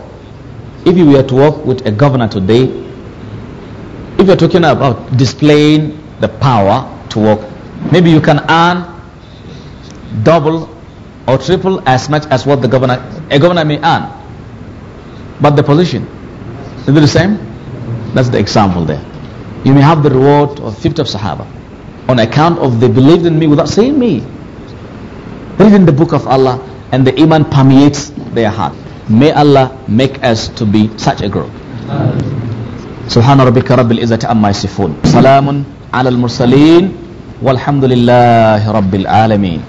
If you were to walk with a governor today, if you're talking about displaying the power to walk, maybe you can earn double or triple as much as what the governor, a governor may earn. But the position, is it the same? That's the example there you may have the reward of 50 of Sahaba on account of they believed in me without seeing me. Read in the book of Allah and the iman permeates their heart. May Allah make us to be such a group. سبحان ربك رب العزة عما يصفون سلام على المرسلين والحمد لله رب العالمين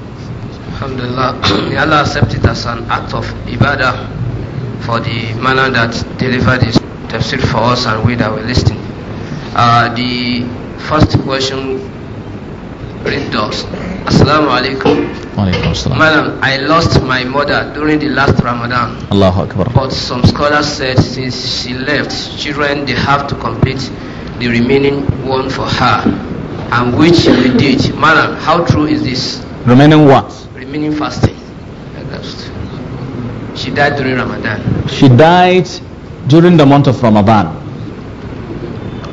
Alhamdulillah, Allah accepted it as an act of ibadah for the manner that delivered this tafsir for us and we that were listening. Uh, the first question read Assalamu alaikum. Madam, I lost my mother during the last Ramadan. Allahu Akbar. But some scholars said since she left, children they have to complete the remaining one for her, and which we did. Madam, how true is this? Remaining what? Remaining fasting. She died during Ramadan. She died during the month of Ramadan.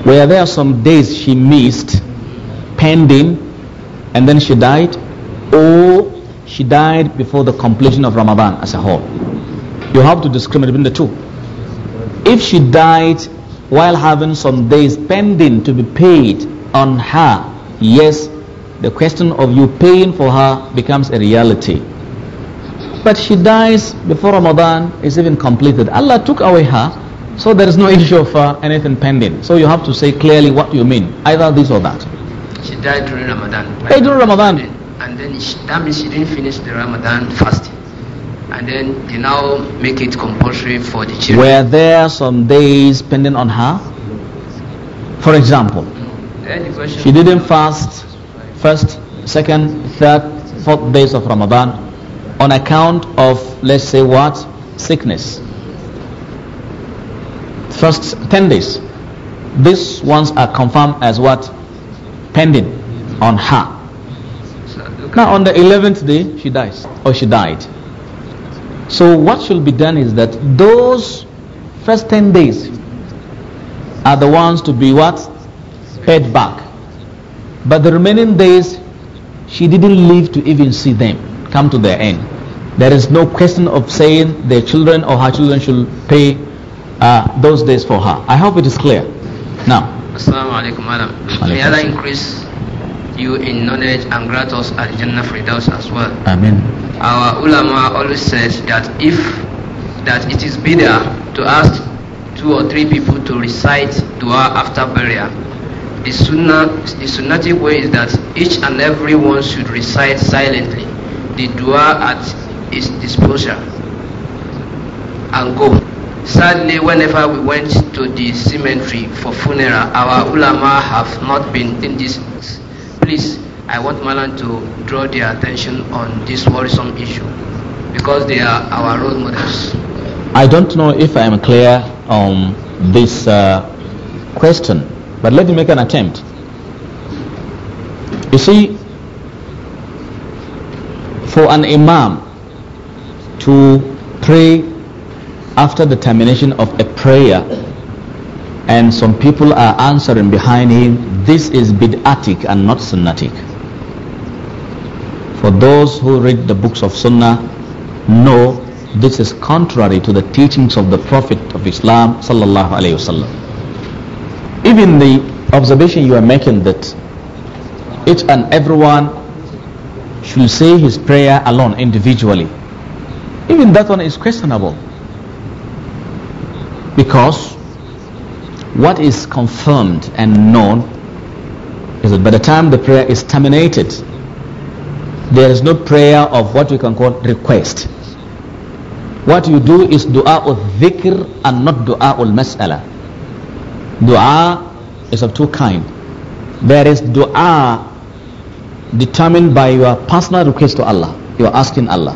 Were there some days she missed pending and then she died? Or she died before the completion of Ramadan as a whole? You have to discriminate between the two. If she died while having some days pending to be paid on her, yes, the question of you paying for her becomes a reality. But she dies before Ramadan is even completed. Allah took away her so there is no issue of uh, anything pending. So you have to say clearly what you mean, either this or that. She died during Ramadan. during Ramadan. And then she, that means she didn't finish the Ramadan fasting. And then they now make it compulsory for the children. Were there some days pending on her? For example, she didn't fast first, second, third, fourth days of Ramadan on account of, let's say, what? Sickness first 10 days. These ones are confirmed as what? Pending on her. Now, on the 11th day, she dies or she died. So, what should be done is that those first 10 days are the ones to be what? Paid back. But the remaining days, she didn't live to even see them come to their end. There is no question of saying their children or her children should pay uh, those days for her. I hope it is clear. Now. Assalamualaikum, madam. May Allah increase you in knowledge and grant us Al Jannah those as well. Amen. Our ulama always says that if that it is better to ask two or three people to recite dua after burial. The sunnah, the sunnatic way is that each and every one should recite silently the dua at his disposal and go. Sadly, whenever we went to the cemetery for funeral, our ulama have not been in this. Please, I want Malan to draw their attention on this worrisome issue because they are our role models. I don't know if I am clear on this uh, question, but let me make an attempt. You see, for an imam to pray after the termination of a prayer and some people are answering behind him, this is bid'atik and not sunnatic. For those who read the books of sunnah know this is contrary to the teachings of the Prophet of Islam sallallahu alayhi wasallam. Even the observation you are making that each and everyone should say his prayer alone individually. Even that one is questionable. Because what is confirmed and known is that by the time the prayer is terminated, there is no prayer of what we can call request. What you do is dua of dhikr and not dua ul mas'ala. Dua is of two kinds. There is dua determined by your personal request to Allah. You are asking Allah.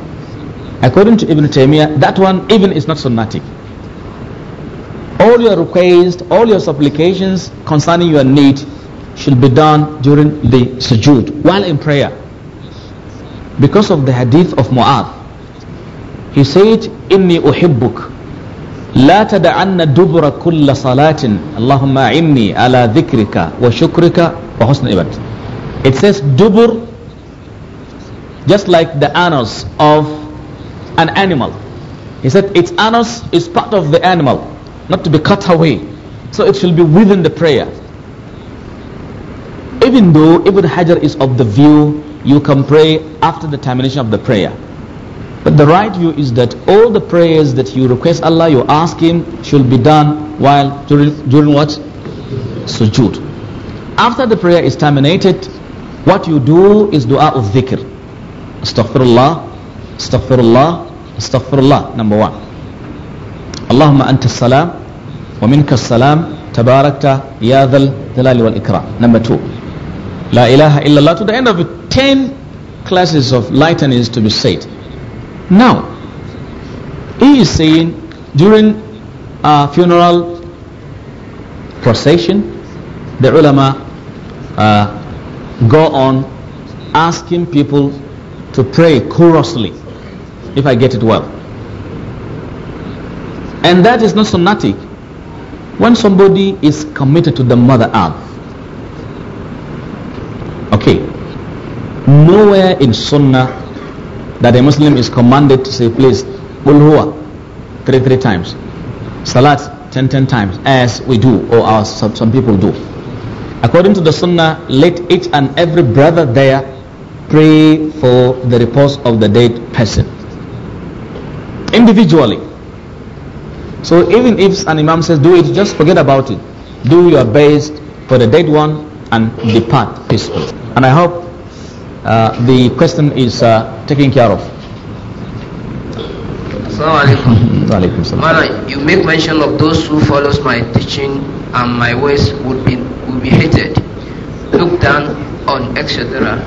According to Ibn Taymiyyah, that one even is not sunnatic all your requests, all your supplications concerning your need should be done during the sujood while in prayer. Because of the hadith of Mu'adh, he said, la tada'anna لا تدعن salatin." Allahumma inni ala أعني wa shukrika wa husn ibad. It says dubur just like the anus of an animal. He said its anus is part of the animal not to be cut away. So it should be within the prayer. Even though Ibn Hajar is of the view you can pray after the termination of the prayer. But the right view is that all the prayers that you request Allah, you ask Him, should be done while during, during what? Sujood. After the prayer is terminated, what you do is dua of dhikr. Astaghfirullah, astaghfirullah, astaghfirullah. Number one. Allahumma anta salam, ومنك السلام تباركت يا ذا الجلال والإكرام number two لا إله إلا الله to the end of it, ten classes of lightnings to be said now he is saying during a funeral procession the ulama uh, go on asking people to pray chorously if I get it well and that is not sunnatic when somebody is committed to the mother earth okay nowhere in sunnah that a muslim is commanded to say please ulhuwa three three times salat ten ten times as we do or as some, some people do according to the sunnah let each and every brother there pray for the repose of the dead person individually so even if an imam says do it, just forget about it. Do your best for the dead one and depart peacefully. And I hope uh, the question is uh, taken care of. Madam, you make mention of those who follows my teaching and my ways would be would be hated, looked down on, etc.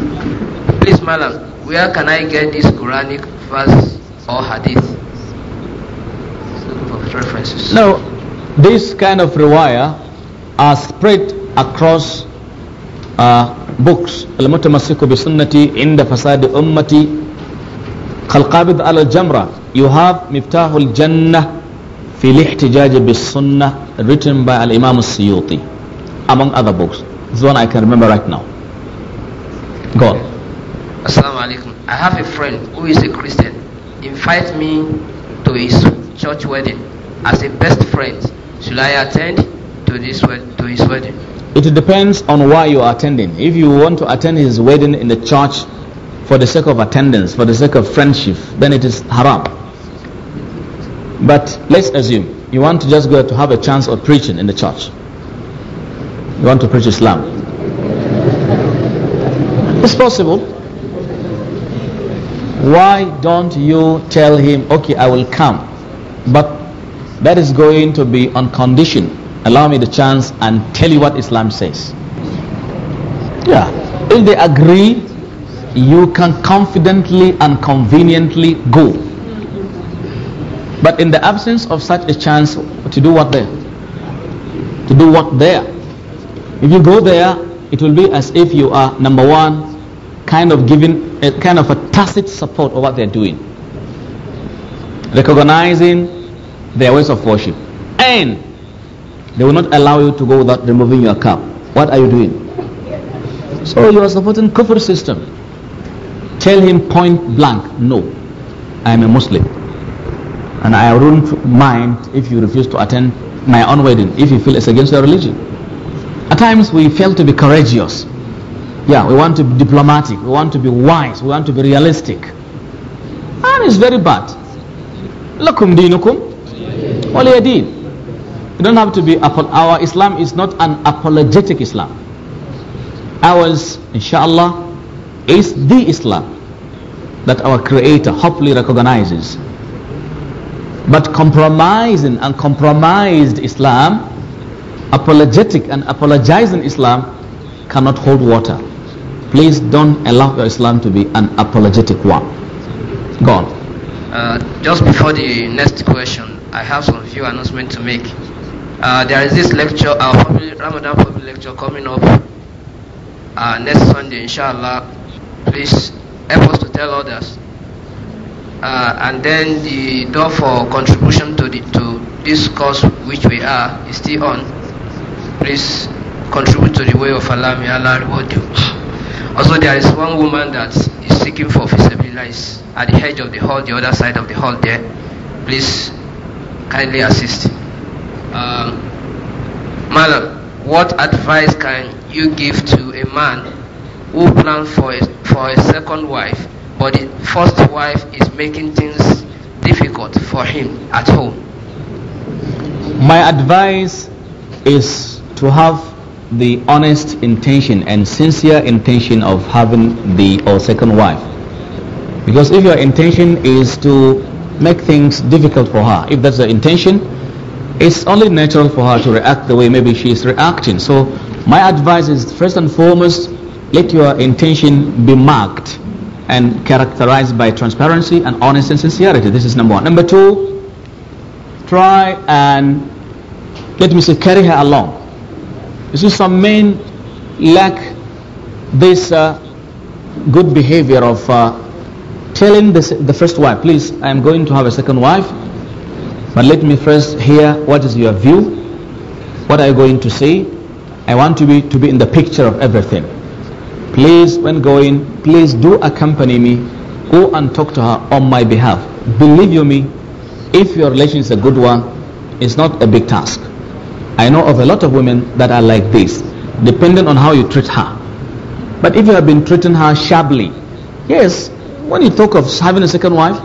Please, Madam, where can I get this Quranic verse or hadith? references. No, this kind of riwayah are spread across uh, books. المتمسك بسنتي عند fasadi ummati كالقابض al Jamra. You have Jannah الجنة في bi بالسنة written by Al Imam السيوطي among other books. This one I can remember right now. Go on. Assalamu alaikum. I have a friend who is a Christian. Invite me to his church wedding as a best friend, should I attend to this to his wedding? It depends on why you are attending. If you want to attend his wedding in the church for the sake of attendance, for the sake of friendship, then it is haram. But let's assume you want to just go to have a chance of preaching in the church. You want to preach Islam. It's possible why don't you tell him okay i will come but that is going to be on condition. Allow me the chance and tell you what Islam says. Yeah. If they agree, you can confidently and conveniently go. But in the absence of such a chance, to do what there? To do what there? If you go there, it will be as if you are number one, kind of giving a kind of a tacit support of what they're doing recognizing their ways of worship. And they will not allow you to go without removing your cap. What are you doing? So you are supporting kufr system. Tell him point blank, no, I am a Muslim. And I wouldn't mind if you refuse to attend my own wedding if you feel it's against your religion. At times we fail to be courageous. Yeah, we want to be diplomatic, we want to be wise, we want to be realistic. And it's very bad. Lakum dinukum waliyadin. You don't have to be, our Islam is not an apologetic Islam. Ours, inshallah, is the Islam that our Creator hopefully recognizes. But compromising and compromised Islam, apologetic and apologizing Islam cannot hold water. Please don't allow your Islam to be an apologetic one. God. Uh, just before the next question, I have some few announcements to make. Uh, there is this lecture, our public, Ramadan public lecture coming up uh, next Sunday, inshallah. Please help us to tell others. Uh, and then the door for contribution to, the, to this course which we are is still on. Please contribute to the way of Allah. May Allah reward you. Also, there is one woman that is seeking for visibility at the edge of the hall, the other side of the hall there. Please kindly assist. Um, Madam, what advice can you give to a man who plans for a, for a second wife, but the first wife is making things difficult for him at home? My advice is to have the honest intention and sincere intention of having the or second wife. Because if your intention is to make things difficult for her, if that's the intention, it's only natural for her to react the way maybe she is reacting. So my advice is first and foremost, let your intention be marked and characterized by transparency and honesty and sincerity. This is number one. Number two, try and let me say carry her along you see, some men lack this uh, good behavior of uh, telling the, the first wife, please, I am going to have a second wife, but let me first hear what is your view, what are you going to say. I want to be, to be in the picture of everything. Please, when going, please do accompany me. Go and talk to her on my behalf. Believe you me, if your relation is a good one, it's not a big task. I know of a lot of women that are like this, depending on how you treat her. But if you have been treating her shabbily, yes, when you talk of having a second wife,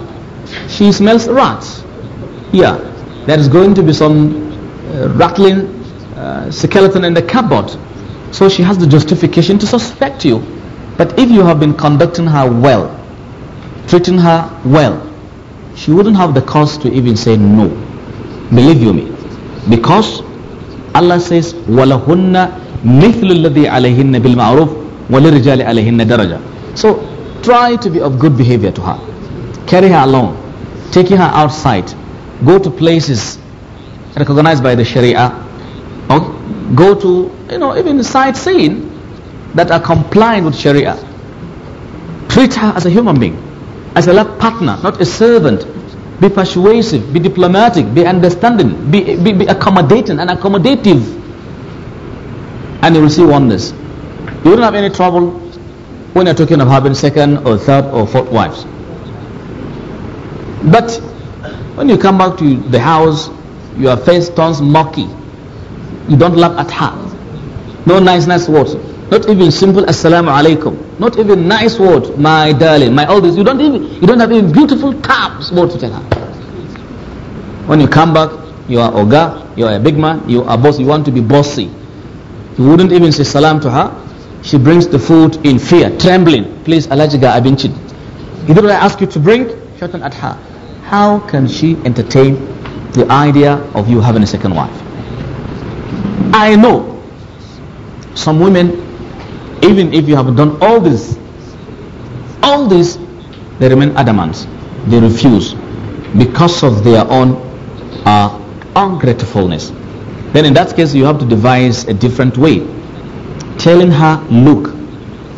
she smells rats. Yeah, there is going to be some uh, rattling uh, skeleton in the cupboard. So she has the justification to suspect you. But if you have been conducting her well, treating her well, she wouldn't have the cause to even say no. Believe you me. Because Allah says, وَلَهُنَّ مِثْلُ الَّذِي عَلَيْهِنَّ بِالْمَعْرُوفِ وَلِرِجَالِ عَلَيْهِنَّ دَرَجَةً So try to be of good behavior to her. Carry her along. Taking her outside. Go to places recognized by the Sharia. Or go to, you know, even sightseeing that are compliant with Sharia. Treat her as a human being, as a love partner, not a servant, be persuasive, be diplomatic, be understanding, be, be, be accommodating and accommodative. And you will see oneness. You will not have any trouble when you're talking of having second or third or fourth wives. But when you come back to the house, your face turns murky. You don't laugh at her. No nice, nice words. Not even simple assalamu alaikum. Not even nice word, my darling, my all You don't even you don't have even beautiful terms word to tell her. When you come back, you are oga, you are a big man, you are boss, you want to be bossy. You wouldn't even say salam to her. She brings the food in fear, trembling. Please, alajiga abinchin. You do I ask you to bring, shouting at her. How can she entertain the idea of you having a second wife? I know some women even if you have done all this all this they remain adamant they refuse because of their own uh, ungratefulness then in that case you have to devise a different way telling her look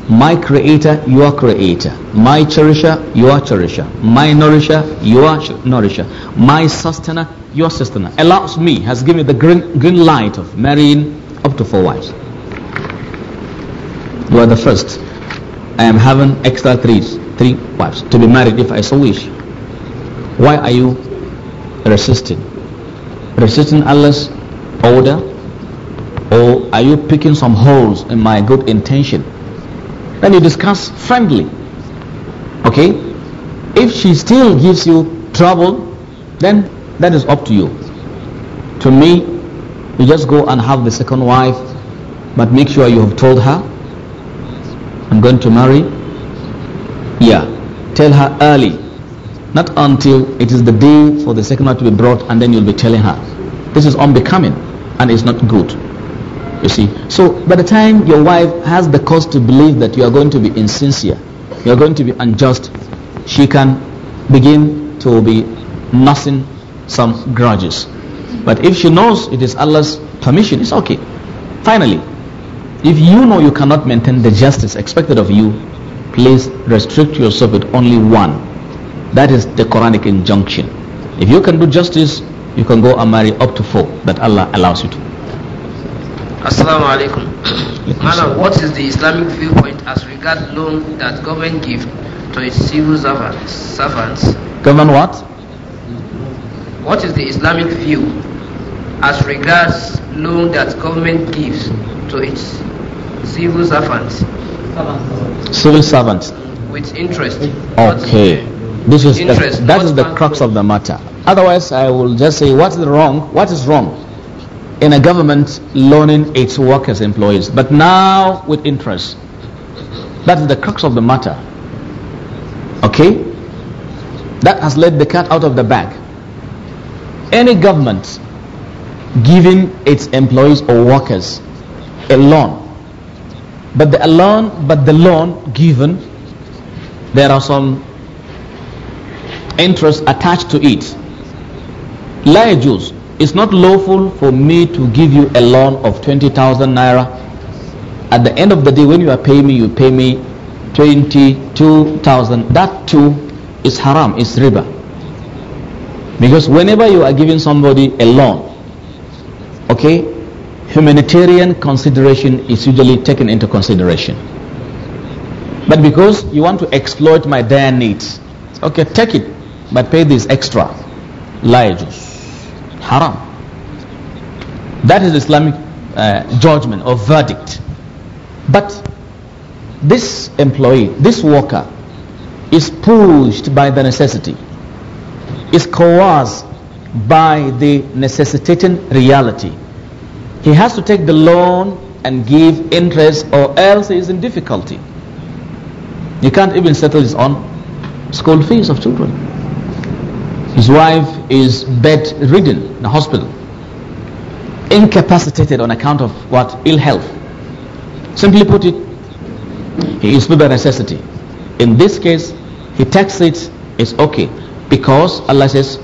my creator your creator my cherisher your cherisher my nourisher your nourisher my sustainer your sustainer allows me has given me the green, green light of marrying up to four wives you are the first. I am having extra three, three wives to be married if I so wish. Why are you resisting? Resisting Allah's order? Or are you picking some holes in my good intention? Then you discuss friendly. Okay? If she still gives you trouble, then that is up to you. To me, you just go and have the second wife, but make sure you have told her I'm going to marry. Yeah. Tell her early. Not until it is the day for the second to be brought and then you'll be telling her. This is unbecoming and it's not good. You see. So by the time your wife has the cause to believe that you are going to be insincere, you are going to be unjust, she can begin to be nursing some grudges. But if she knows it is Allah's permission, it's okay. Finally, if you know you cannot maintain the justice expected of you, please restrict yourself with only one. That is the Quranic injunction. If you can do justice, you can go and marry up to four that Allah allows you to. Assalamu alaikum. Madam, what is the Islamic viewpoint as regards loan that government gives to its civil servants? Government what? What is the Islamic view as regards loan that government gives to its civil servants. Civil servants. With interest. Okay. This is interest, the, that is the crux of the matter. Otherwise, I will just say what is wrong. What is wrong in a government loaning its workers employees, but now with interest. That is the crux of the matter. Okay, that has let the cat out of the bag. Any government giving its employees or workers a loan. But the loan, but the loan given, there are some interest attached to it. Lie Jews, it's not lawful for me to give you a loan of 20,000 naira. At the end of the day, when you are paying me, you pay me 22,000. That too is haram, is riba. Because whenever you are giving somebody a loan, okay, humanitarian consideration is usually taken into consideration. But because you want to exploit my dire needs, okay, take it, but pay this extra. lies, Haram. That is Islamic uh, judgment or verdict. But this employee, this worker, is pushed by the necessity, is coerced by the necessitating reality. He has to take the loan and give interest or else he is in difficulty. He can't even settle his own school fees of children. His wife is bedridden in the hospital, incapacitated on account of what? Ill health. Simply put it, he is by necessity. In this case, he takes it, it's okay. Because Allah says,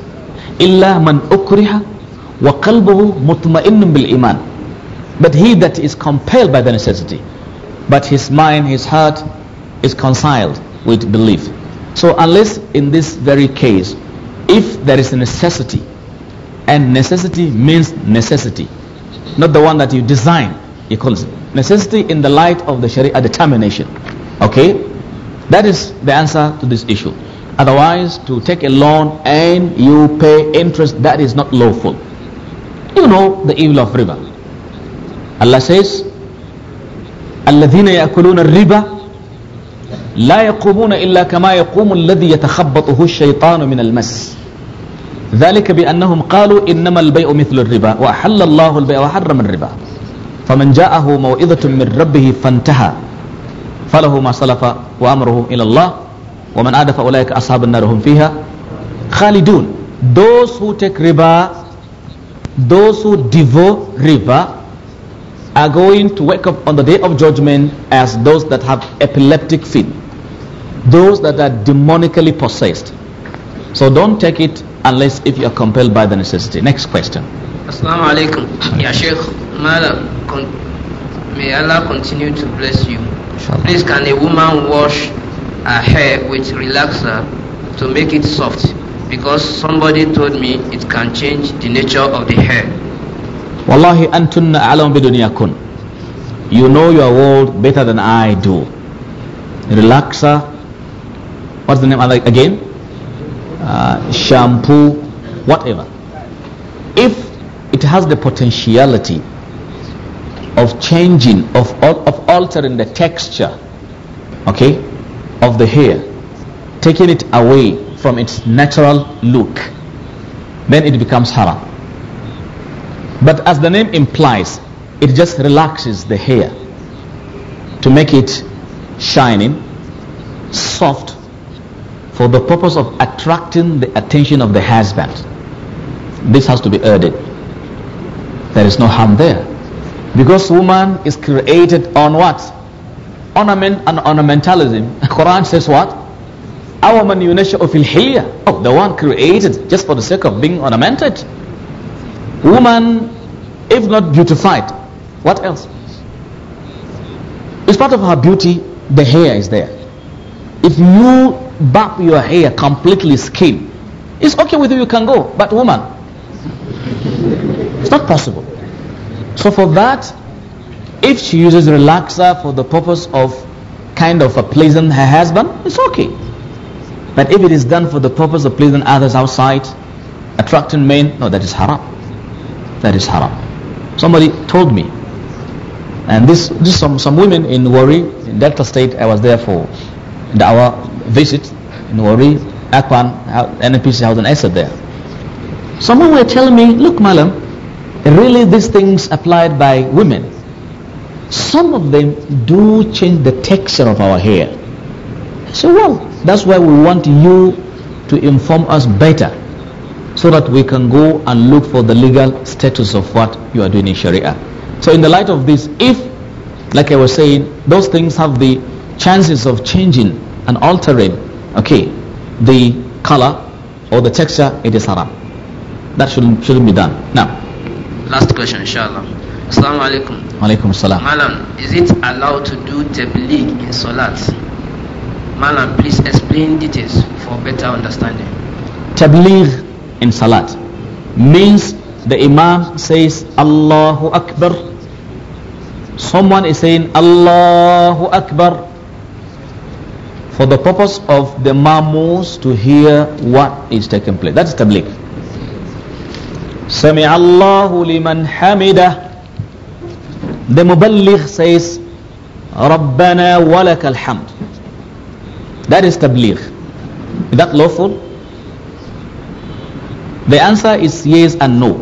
إِلَّا مَنْ أُكْرِهَ وَقَلْبُهُ مُطْمَئِنٌّ بِالْإِيمَانِ But he that is compelled by the necessity, but his mind, his heart is conciled with belief. So unless in this very case, if there is a necessity, and necessity means necessity, not the one that you design, you call it necessity in the light of the Sharia determination. Okay? That is the answer to this issue. Otherwise, to take a loan and you pay interest, that is not lawful. You know the evil of riba. Allah says, الذين يأكلون الربا لا يقومون إلا كما يقوم الذي يتخبطه الشيطان من المس ذلك بأنهم قالوا إنما البيع مثل الربا وأحل الله البيع وحرم الربا فمن جاءه موعظة من ربه فانتهى فله ما سلف وأمره إلى الله ومن عاد فأولئك أصحاب النار هم فيها خالدون those who take riba those who devour river are going to wake up on the day of judgment as those that have epileptic fit, those that are demonically possessed. So don't take it unless if you are compelled by the necessity. Next question. Assalamu alaikum. Ya Sheikh Madam, may Allah continue to bless you. Inshallah. Please, can a woman wash her hair with relaxer to make it soft? because somebody told me it can change the nature of the hair. Wallahi antunna alam bidunyakum. You know your world better than I do. Relaxer. What's the name again? Uh, shampoo, whatever. If it has the potentiality of changing, of, of altering the texture, okay, of the hair, taking it away from its natural look, then it becomes haram. But as the name implies, it just relaxes the hair to make it shining, soft, for the purpose of attracting the attention of the husband. This has to be added. There is no harm there. Because woman is created on what? Ornament and ornamentalism. Quran says what? Our من ينشأ في الحية Oh, the one created just for the sake of being ornamented. Woman, if not beautified, what else? It's part of her beauty, the hair is there. If you barb your hair completely skin, it's okay with you, you can go. But woman, it's not possible. So for that, if she uses relaxer for the purpose of kind of pleasing her husband, it's okay. But if it is done for the purpose of pleasing others outside, attracting men, no, that is haram. That is haram. Somebody told me. And this, this some, some women in Wari, in Delta State, I was there for the our visit in Wari, Akwan, uh, NPC House and Asad there. Someone were telling me, look, madam, really these things applied by women. Some of them do change the texture of our hair. So well, that's why we want you to inform us better so that we can go and look for the legal status of what you are doing in Sharia. So in the light of this, if, like I was saying, those things have the chances of changing and altering, okay, the color or the texture, it is haram. That shouldn't, shouldn't be done. Now. Last question, inshallah. Assalamu alaikum. Alaikum salam. Malam, is it allowed to do tabligh in salat? Malam, please explain details for better understanding. Tabligh in Salat means the Imam says Allahu Akbar. Someone is saying Allahu Akbar for the purpose of the mamus to hear what is taking place. That's tabligh. Sami Allahu liman hamida. The muballigh says Rabbana walakal hamd. That is tabligh. Is that lawful? The answer is yes and no.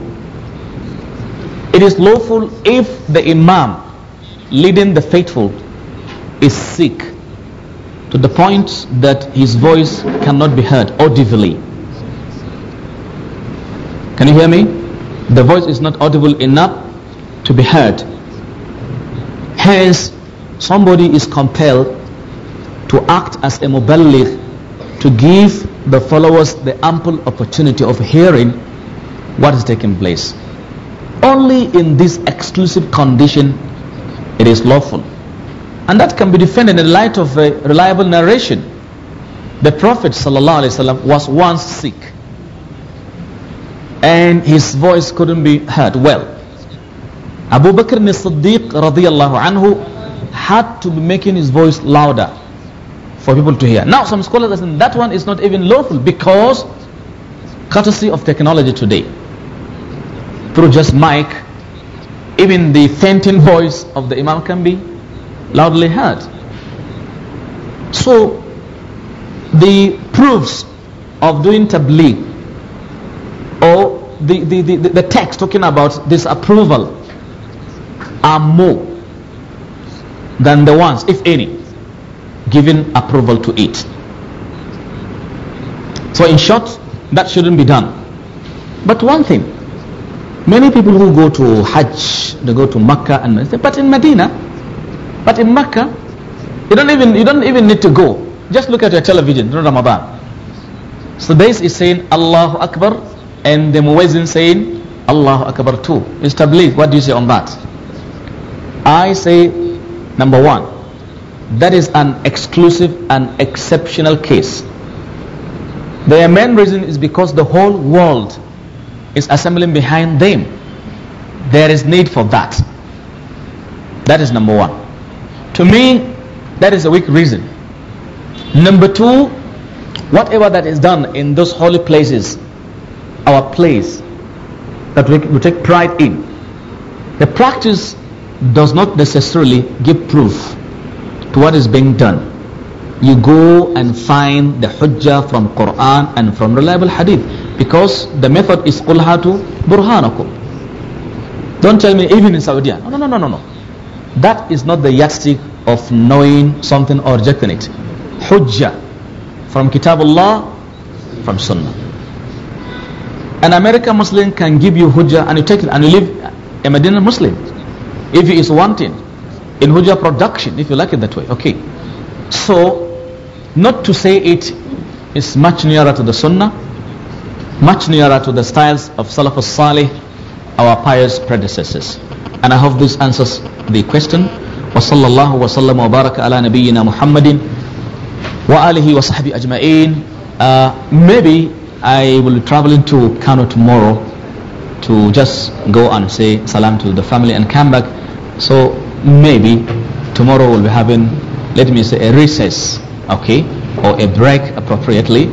It is lawful if the imam leading the faithful is sick to the point that his voice cannot be heard audibly. Can you hear me? The voice is not audible enough to be heard. Hence, somebody is compelled to act as a muballigh to give the followers the ample opportunity of hearing what is taking place. Only in this exclusive condition it is lawful. And that can be defended in the light of a reliable narration. The Prophet ﷺ was once sick and his voice couldn't be heard well. Abu Bakr as-Siddiq anhu had to be making his voice louder for people to hear. Now, some scholars are saying that one is not even lawful because courtesy of technology today, through just mic, even the fainting voice of the imam can be loudly heard. So, the proofs of doing tabligh or the, the, the, the text talking about this approval are more than the ones, if any, giving approval to it. So in short, that shouldn't be done. But one thing, many people who go to Hajj, they go to Mecca and Medina, but in Medina, but in Mecca, you don't even you don't even need to go. Just look at your television during Ramadan. So this is saying Allahu Akbar and the Muwazin saying Allahu Akbar too. Mr. Bleak, what do you say on that? I say number one, that is an exclusive and exceptional case. Their main reason is because the whole world is assembling behind them. There is need for that. That is number one. To me, that is a weak reason. Number two, whatever that is done in those holy places, our place that we, we take pride in, the practice does not necessarily give proof to what is being done. You go and find the hujjah from Quran and from reliable hadith because the method is qul hatu burhanakum. Don't tell me even in Saudi. No, no, no, no, no. That is not the yardstick of knowing something or rejecting it. Hujjah from Kitabullah, from Sunnah. An American Muslim can give you hujjah and you take it and you leave a Medina Muslim if he is wanting in Hujjah production, if you like it that way. Okay. So, not to say it is much nearer to the Sunnah, much nearer to the styles of Salaf al-Salih, our pious predecessors. And I hope this answers the question. وصلى الله وسلم وبارك على نبينا محمد وآله وصحبه أجمعين uh, maybe I will be traveling to Kano tomorrow to just go and say salam to the family and come back so maybe tomorrow we'll be having, let me say, a recess, okay, or a break appropriately.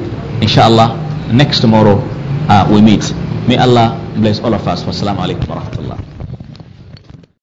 Inshallah, next tomorrow uh, we meet. May Allah bless all of us. Wassalamu alaikum